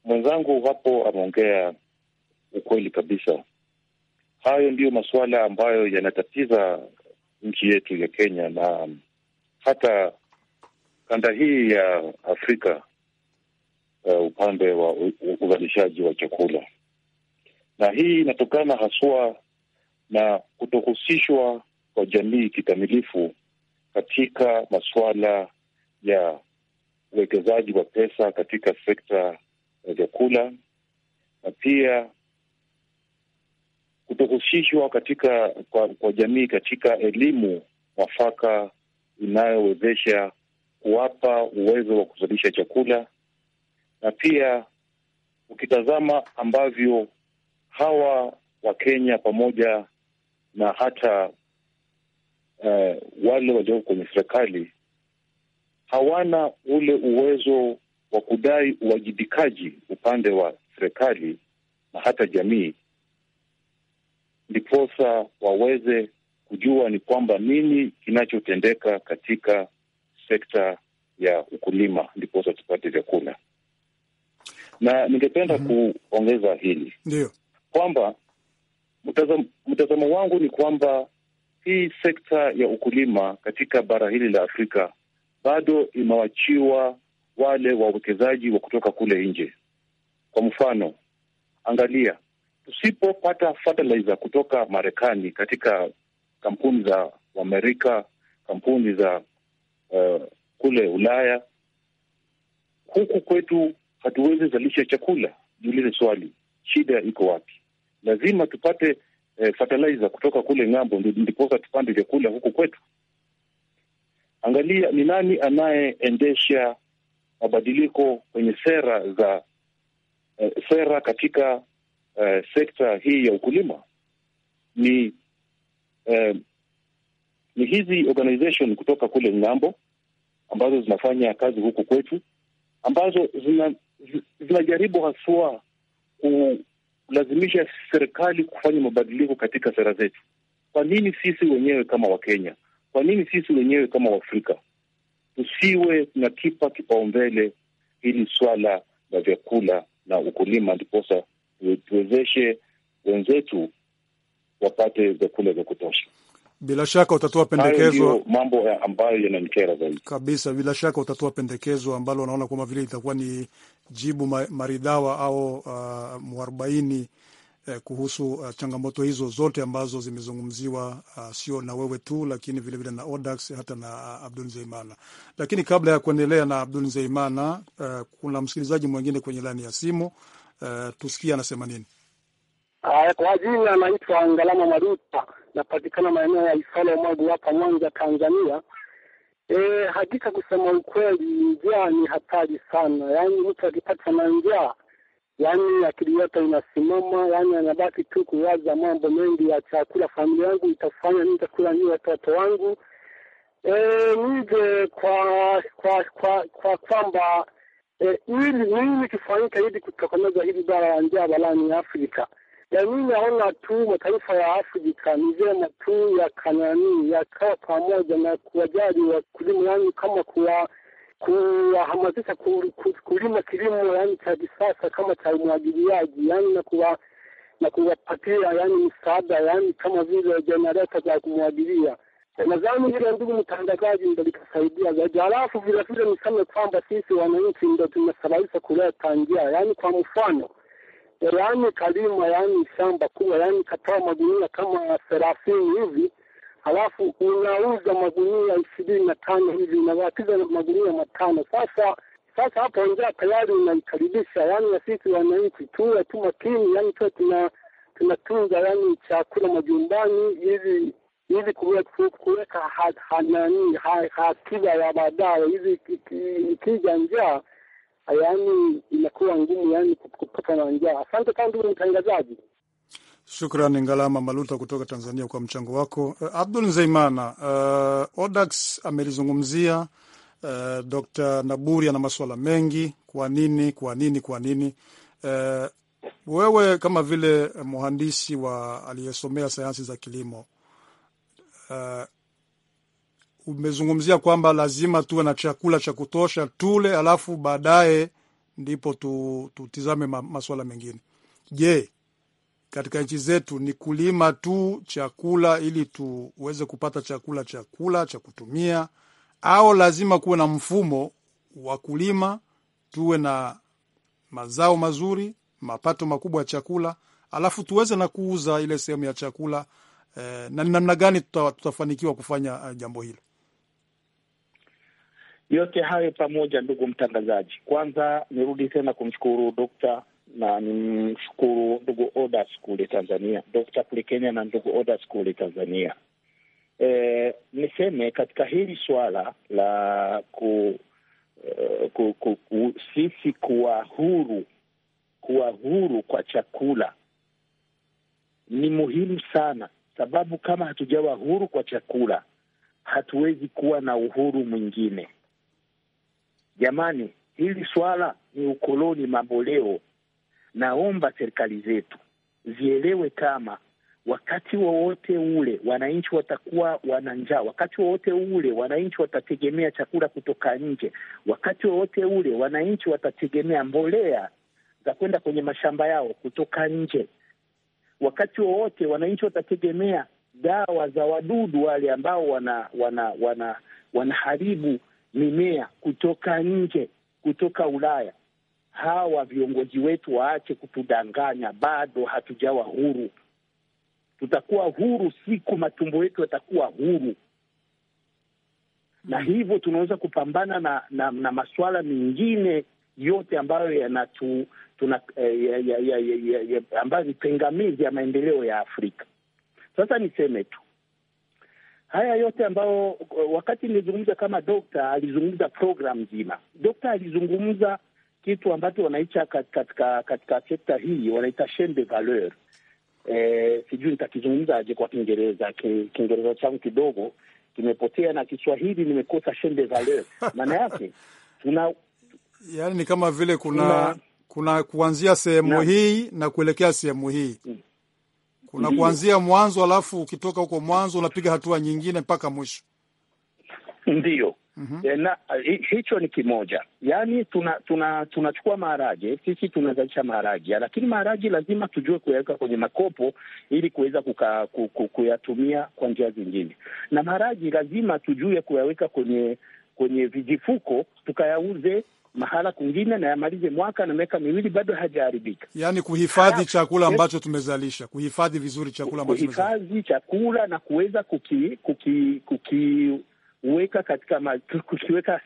mwenzangu hapo ameongea ukweli kabisa. Hayo ndiyo masuala ambayo yanatatiza nchi yetu ya Kenya na hata kanda hii ya Afrika uh, upande wa uzalishaji wa chakula, na hii inatokana haswa na kutohusishwa kwa jamii kikamilifu katika masuala ya uwekezaji wa pesa katika sekta ya vyakula na pia kutohusishwa katika kwa, kwa jamii katika elimu mwafaka inayowezesha kuwapa uwezo wa kuzalisha chakula, na pia ukitazama ambavyo hawa Wakenya pamoja na hata eh, wale walioko kwenye serikali hawana ule uwezo wa kudai uwajibikaji upande wa serikali na hata jamii ndiposa waweze kujua ni kwamba nini kinachotendeka katika sekta ya ukulima, ndiposa tupate vyakula. Na ningependa mm -hmm. kuongeza hili ndio kwamba mtazamo mtazamo wangu ni kwamba hii sekta ya ukulima katika bara hili la Afrika bado imewachiwa wale wawekezaji wa kutoka kule nje. Kwa mfano, angalia tusipopata fertilizer kutoka Marekani katika kampuni za Amerika, kampuni za uh, kule Ulaya, huku kwetu hatuwezi zalisha chakula. Jiulize swali, shida iko wapi? Lazima tupate eh, fertilizer kutoka kule ng'ambo, ndiposa tupande vyakula huku kwetu. Angalia ni nani anayeendesha mabadiliko kwenye sera za eh, sera katika uh, sekta hii ya ukulima ni uh, ni hizi organization kutoka kule ng'ambo ambazo zinafanya kazi huku kwetu, ambazo zina, zinajaribu haswa kulazimisha serikali kufanya mabadiliko katika sera zetu. Kwa nini sisi wenyewe kama Wakenya, kwa nini sisi wenyewe kama Waafrika tusiwe tunakipa kipaumbele hili swala la vyakula na ukulima, ndiposa tuwezeshe wenzetu wapate vyakula vya kutosha. Bila shaka utatoa pendekezo, mambo ambayo yananikera zaidi kabisa. Bila shaka utatoa pendekezo ambalo unaona kwamba vile itakuwa ni jibu maridhawa au uh, mwarobaini eh, kuhusu uh, changamoto hizo zote ambazo zimezungumziwa, uh, sio na wewe tu, lakini vile vile na Odax hata na uh, Abdul Zeimana. Lakini kabla ya kuendelea na Abdul Zeimana, uh, kuna msikilizaji mwingine kwenye laini ya simu Uh, tusikie anasema nini. Aya, eh, kwa ajili anaitwa Ngalama Maduta, napatikana maeneo ya Ifalo Mwagu hapa Mwanza, Tanzania. E, hakika kusema ukweli, njaa ni hatari sana, yaani mtu akipata na njaa, yaani akili yote inasimama, yaani anabaki tu kuwaza mambo mengi ya chakula, familia yangu itafanya nini, chakula ni watoto wangu e, nije kwa kwa kwa kwamba kwa E, eh, ili nini kifanyika ili kutokomeza hili bara la njaa barani Afrika? Ya nini naona tu mataifa ya Afrika ni vyema tu yakanani yakawa pamoja na kuwajali wakulima, yani kama kuwa kuwahamasisha kulima kilimo yani cha kisasa kama cha umwagiliaji yani na kuwa na kuwapatia yani msaada yani kama vile jenereta za kumwagilia Nadhani hilo ndugu mtangazaji, ndo likasaidia zaidi. Halafu vilevile niseme kwamba sisi wananchi ndo tumesababisha kuleta njia, yaani kwa mfano yaani kalima, yaani shamba kubwa, yaani katoa magunia kama thelathini hivi, halafu unauza magunia ishirini na tano hivi, unabakiza magunia matano. Sasa sasa hapo njaa tayari unaikaribisha, yaani na sisi wananchi tuwe tu makini, yaani tuwe tuna tunatunza yaani chakula majumbani hivi ili kuweka hanani hakiba ya baadaye hivi, ikija njaa yaani inakuwa ngumu yaani kupata na njaa. Asante kama ndugu mtangazaji. Shukrani Ngalama Maluta kutoka Tanzania kwa mchango wako. Uh, Abdul Nzeimana, uh, Odax amelizungumzia uh, eh, Dr. Naburi ana maswala mengi, kwa nini, kwa nini, kwa nini uh, wewe kama vile mhandisi wa aliyesomea sayansi za kilimo uh, umezungumzia kwamba lazima tuwe na chakula cha kutosha tule, alafu baadaye ndipo tutizame tu masuala mengine. Je, katika nchi zetu ni kulima tu chakula ili tuweze kupata chakula chakula cha kutumia, au lazima kuwe na mfumo wa kulima, tuwe na mazao mazuri, mapato makubwa ya chakula, alafu tuweze na kuuza ile sehemu ya chakula Eh, na ni namna gani tuta, tutafanikiwa kufanya uh, jambo hilo? Yote hayo pamoja, ndugu mtangazaji, kwanza nirudi tena kumshukuru dokta na nimshukuru ndugu Oda kule Tanzania, Dokta kule Kenya na ndugu Oda kule Tanzania. E, niseme katika hili swala la ku, ku, ku, ku sisi kuwa huru kuwa huru kwa chakula ni muhimu sana, sababu kama hatujawa huru kwa chakula, hatuwezi kuwa na uhuru mwingine. Jamani, hili swala ni ukoloni mamboleo. Naomba serikali zetu zielewe kama wakati wowote ule wananchi watakuwa wana njaa, wakati wowote ule wananchi watategemea chakula kutoka nje, wakati wowote ule wananchi watategemea mbolea za kwenda kwenye mashamba yao kutoka nje wakati wowote wananchi watategemea dawa za wadudu wale ambao wana wana wana wanaharibu mimea kutoka nje, kutoka Ulaya. Hawa viongozi wetu waache kutudanganya, bado hatujawa huru. Tutakuwa huru siku matumbo yetu yatakuwa huru, na hivyo tunaweza kupambana na, na, na masuala mengine yote ambayo yanatu tuna eh, ambayo ni pingamizi ya maendeleo ya Afrika. Sasa niseme tu haya yote ambayo, eh, wakati nilizungumza kama dokta alizungumza program nzima, dokta alizungumza kitu ambacho wanaicha katika katika sekta hii wanaita chaine de valeur eh, sijui nitakizungumzaje kwa Kiingereza. Kiingereza changu kidogo kimepotea na Kiswahili nimekosa chaine de valeur [LAUGHS] maana yake tuna yani ni kama vile kuna, kuna kuna kuanzia sehemu hii na kuelekea sehemu hii, mm. kuna mm-hmm. kuanzia mwanzo, alafu ukitoka huko mwanzo unapiga hatua nyingine mpaka mwisho. ndio. Mm -hmm. Eh, na hicho ni kimoja, yaani tunachukua tuna, tuna maharage sisi tunazalisha maharage, lakini maharage lazima tujue kuyaweka kwenye makopo ili kuweza kuyatumia kwa njia zingine, na maharage lazima tujue kuyaweka kwenye kwenye vijifuko tukayauze mahala kwingine na yamalize mwaka na miaka miwili bado hajaharibika. Yaani kuhifadhi chakula eh, ambacho tumezalisha, kuhifadhi vizuri chakula ambacho kuhifadhi chakula na kuweza kuki, kuki, kuki weka katika ma, [LAUGHS] kukiweka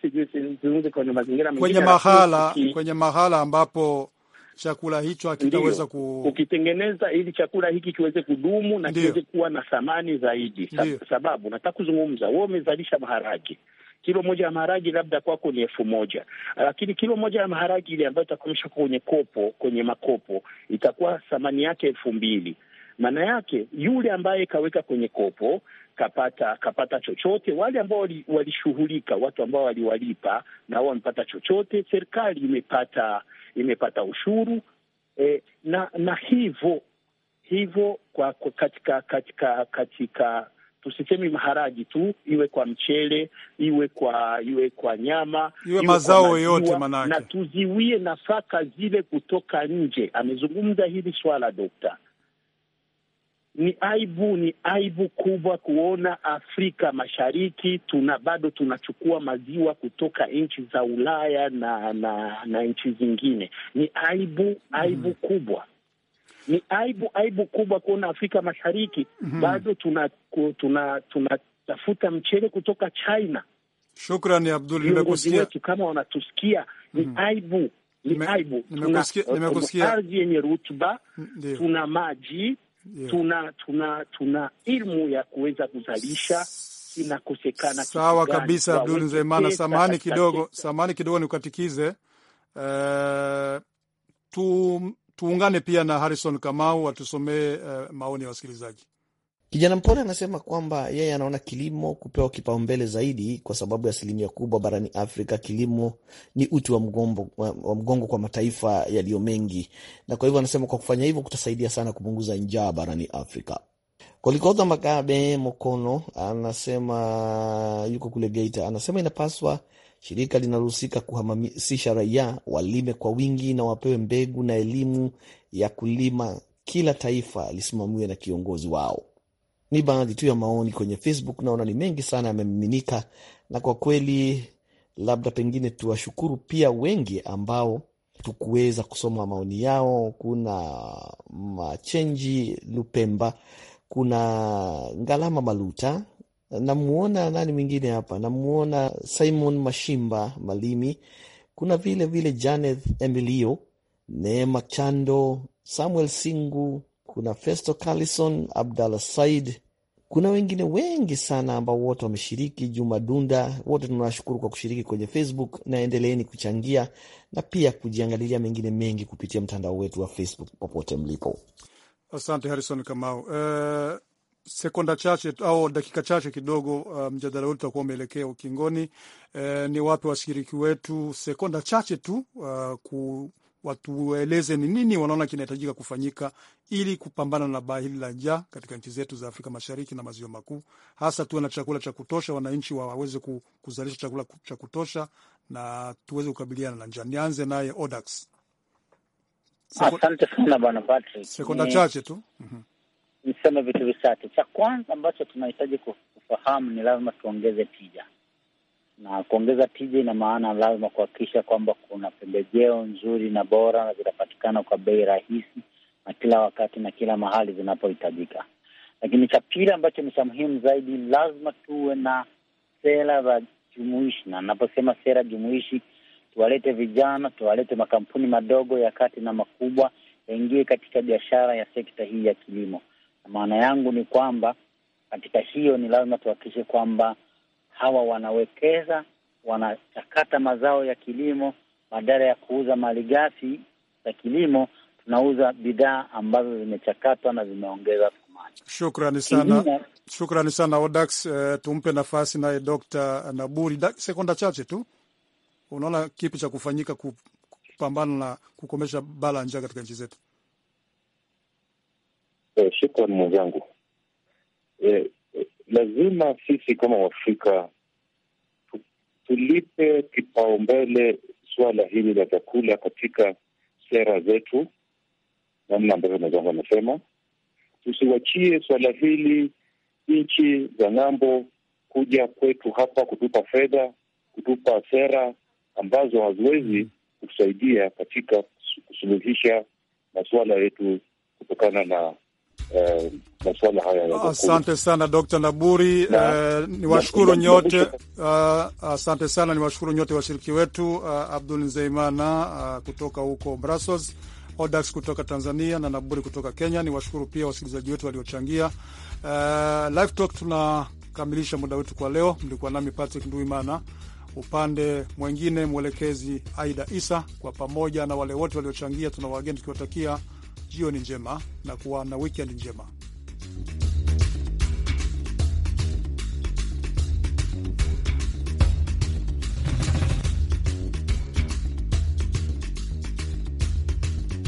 kwenye mazingira kwenye mahala kuki, kwenye mahala ambapo chakula hicho hakitaweza ku... ukitengeneza ili chakula hiki kiweze kudumu na kiweze kuwa na thamani zaidi. Sa, sababu nataka kuzungumza, wewe umezalisha maharage kilo moja ya maharagi labda kwako ni elfu moja lakini kilo moja ya maharagi ile ambayo itakomeshwa kwenye kopo, kwenye makopo itakuwa thamani yake elfu mbili maana yake yule ambaye kaweka kwenye kopo kapata kapata chochote. Wale ambao walishughulika, watu ambao waliwalipa, na wao wamepata chochote. Serikali imepata imepata ushuru e, na na hivyo hivyo kwa, kwa katika katika katika tusisemi maharaji tu, iwe kwa mchele, iwe kwa iwe kwa nyama, iwe, iwe mazao yote, manake na tuziwie nafaka zile kutoka nje. Amezungumza hili swala dokta. Ni aibu, ni aibu kubwa kuona Afrika Mashariki tuna bado tunachukua maziwa kutoka nchi za Ulaya na na, na nchi zingine. Ni aibu, aibu mm. kubwa ni aibu, aibu kubwa kuona Afrika Mashariki mm -hmm. bado tunatafuta tuna, tuna mchele kutoka China. Shukrani Abdul, nimekusikia wetu kama wanatusikia ni mm -hmm. aibu ni Me, aibu. Nimekusikia, Tuna ardhi yenye rutuba, tuna maji yeah. tuna tuna tuna ilmu ya kuweza kuzalisha inakosekana. Sawa kabisa, Abdul Nzeimana, samahani kidogo, samahani kidogo nikukatikize. Uh, eh, tu tuungane pia na Harrison Kamau atusomee uh, maoni ya wasikilizaji. Kijana Mpole anasema kwamba yeye anaona kilimo kupewa kipaumbele zaidi kwa sababu ya asilimia kubwa barani Afrika kilimo ni uti wa mgongo, wa mgongo kwa mataifa yaliyo mengi, na kwa hivyo anasema kwa kufanya hivyo kutasaidia sana kupunguza njaa barani Afrika. Kolikoza Magabe Mokono anasema yuko kule Geita, anasema inapaswa shirika linalohusika kuhamasisha raia walime kwa wingi na wapewe mbegu na elimu ya kulima kila taifa lisimamiwe na kiongozi wao. Ni baadhi tu ya maoni kwenye Facebook, naona ni mengi sana yamemiminika, na kwa kweli labda pengine tuwashukuru pia wengi ambao tukuweza kusoma maoni yao. Kuna Machenji Lupemba, kuna Ngalama Maluta, namuona nani mwingine hapa, namuona Simon Mashimba Malimi, kuna vile vile Janeth Emilio, Neema Chando, Samuel Singu, kuna Festo Carlison, Abdallah Said, kuna wengine wengi sana ambao wote wameshiriki. Juma Dunda, wote tunawashukuru kwa kushiriki kwenye Facebook na endeleeni kuchangia na pia kujiangalilia mengine mengi kupitia mtandao wetu wa Facebook popote mlipo. Asante Harrison Kamau. Uh, sekonda chache au dakika chache kidogo, uh, mjadala wetu utakuwa umeelekea ukingoni. Uh, ni wape washiriki wetu sekonda chache tu uh, ku watueleze ni nini wanaona kinahitajika kufanyika ili kupambana na baa hili la njaa katika nchi zetu za Afrika Mashariki na Maziwa Makuu, hasa tuwe na chakula cha kutosha, wananchi waweze kuzalisha chakula cha kutosha na tuweze kukabiliana na njaa. Nianze naye Odax. Asante sana bwana Patrick, sekonda chache tu. mm -hmm niseme vitu vichache. Cha kwanza ambacho tunahitaji kufahamu ni lazima tuongeze tija, na kuongeza tija ina maana lazima kuhakikisha kwamba kuna pembejeo nzuri na bora na zinapatikana kwa bei rahisi na kila wakati na kila mahali zinapohitajika. Lakini cha pili ambacho ni cha muhimu zaidi, lazima tuwe na sera za jumuishi, na naposema sera jumuishi, tuwalete vijana, tuwalete makampuni madogo ya kati na makubwa yaingie katika biashara ya sekta hii ya kilimo. Maana yangu ni kwamba katika hiyo ni lazima tuhakikishe kwamba hawa wanawekeza, wanachakata mazao ya kilimo, badala ya kuuza malighafi za kilimo tunauza bidhaa ambazo zimechakatwa na zimeongeza Shukrani sana, shukrani sana Odax. Uh, tumpe nafasi naye Dr. Naburi da, sekonda chache tu. Unaona kipi cha kufanyika kupambana na kukomesha balaa njaa katika nchi zetu? Eh, shukran mwenzangu. Eh, eh, lazima sisi kama Waafrika tulipe kipaumbele suala hili la chakula katika sera zetu, namna ambavyo mwenzangu amesema, tusiwachie suala hili nchi za ng'ambo kuja kwetu hapa kutupa fedha, kutupa sera ambazo haziwezi kutusaidia katika kusuluhisha masuala yetu kutokana na eh, haya. Ah, asante sana Dr. Naburi na, eh, niwashukuru nyote na, uh, asante sana niwashukuru nyote washiriki wetu uh, Abdul Nzeimana uh, kutoka huko Brussels, Odax kutoka Tanzania na Naburi kutoka Kenya. Niwashukuru pia wasikilizaji wetu waliochangia uh, Live Talk. Tunakamilisha muda wetu kwa leo. Mlikuwa nami Patrick Nduimana, upande mwengine mwelekezi Aida Isa, kwa pamoja na wale wote waliochangia, tuna wageni tukiwatakia Jioni njema na kuwa na wikendi njema.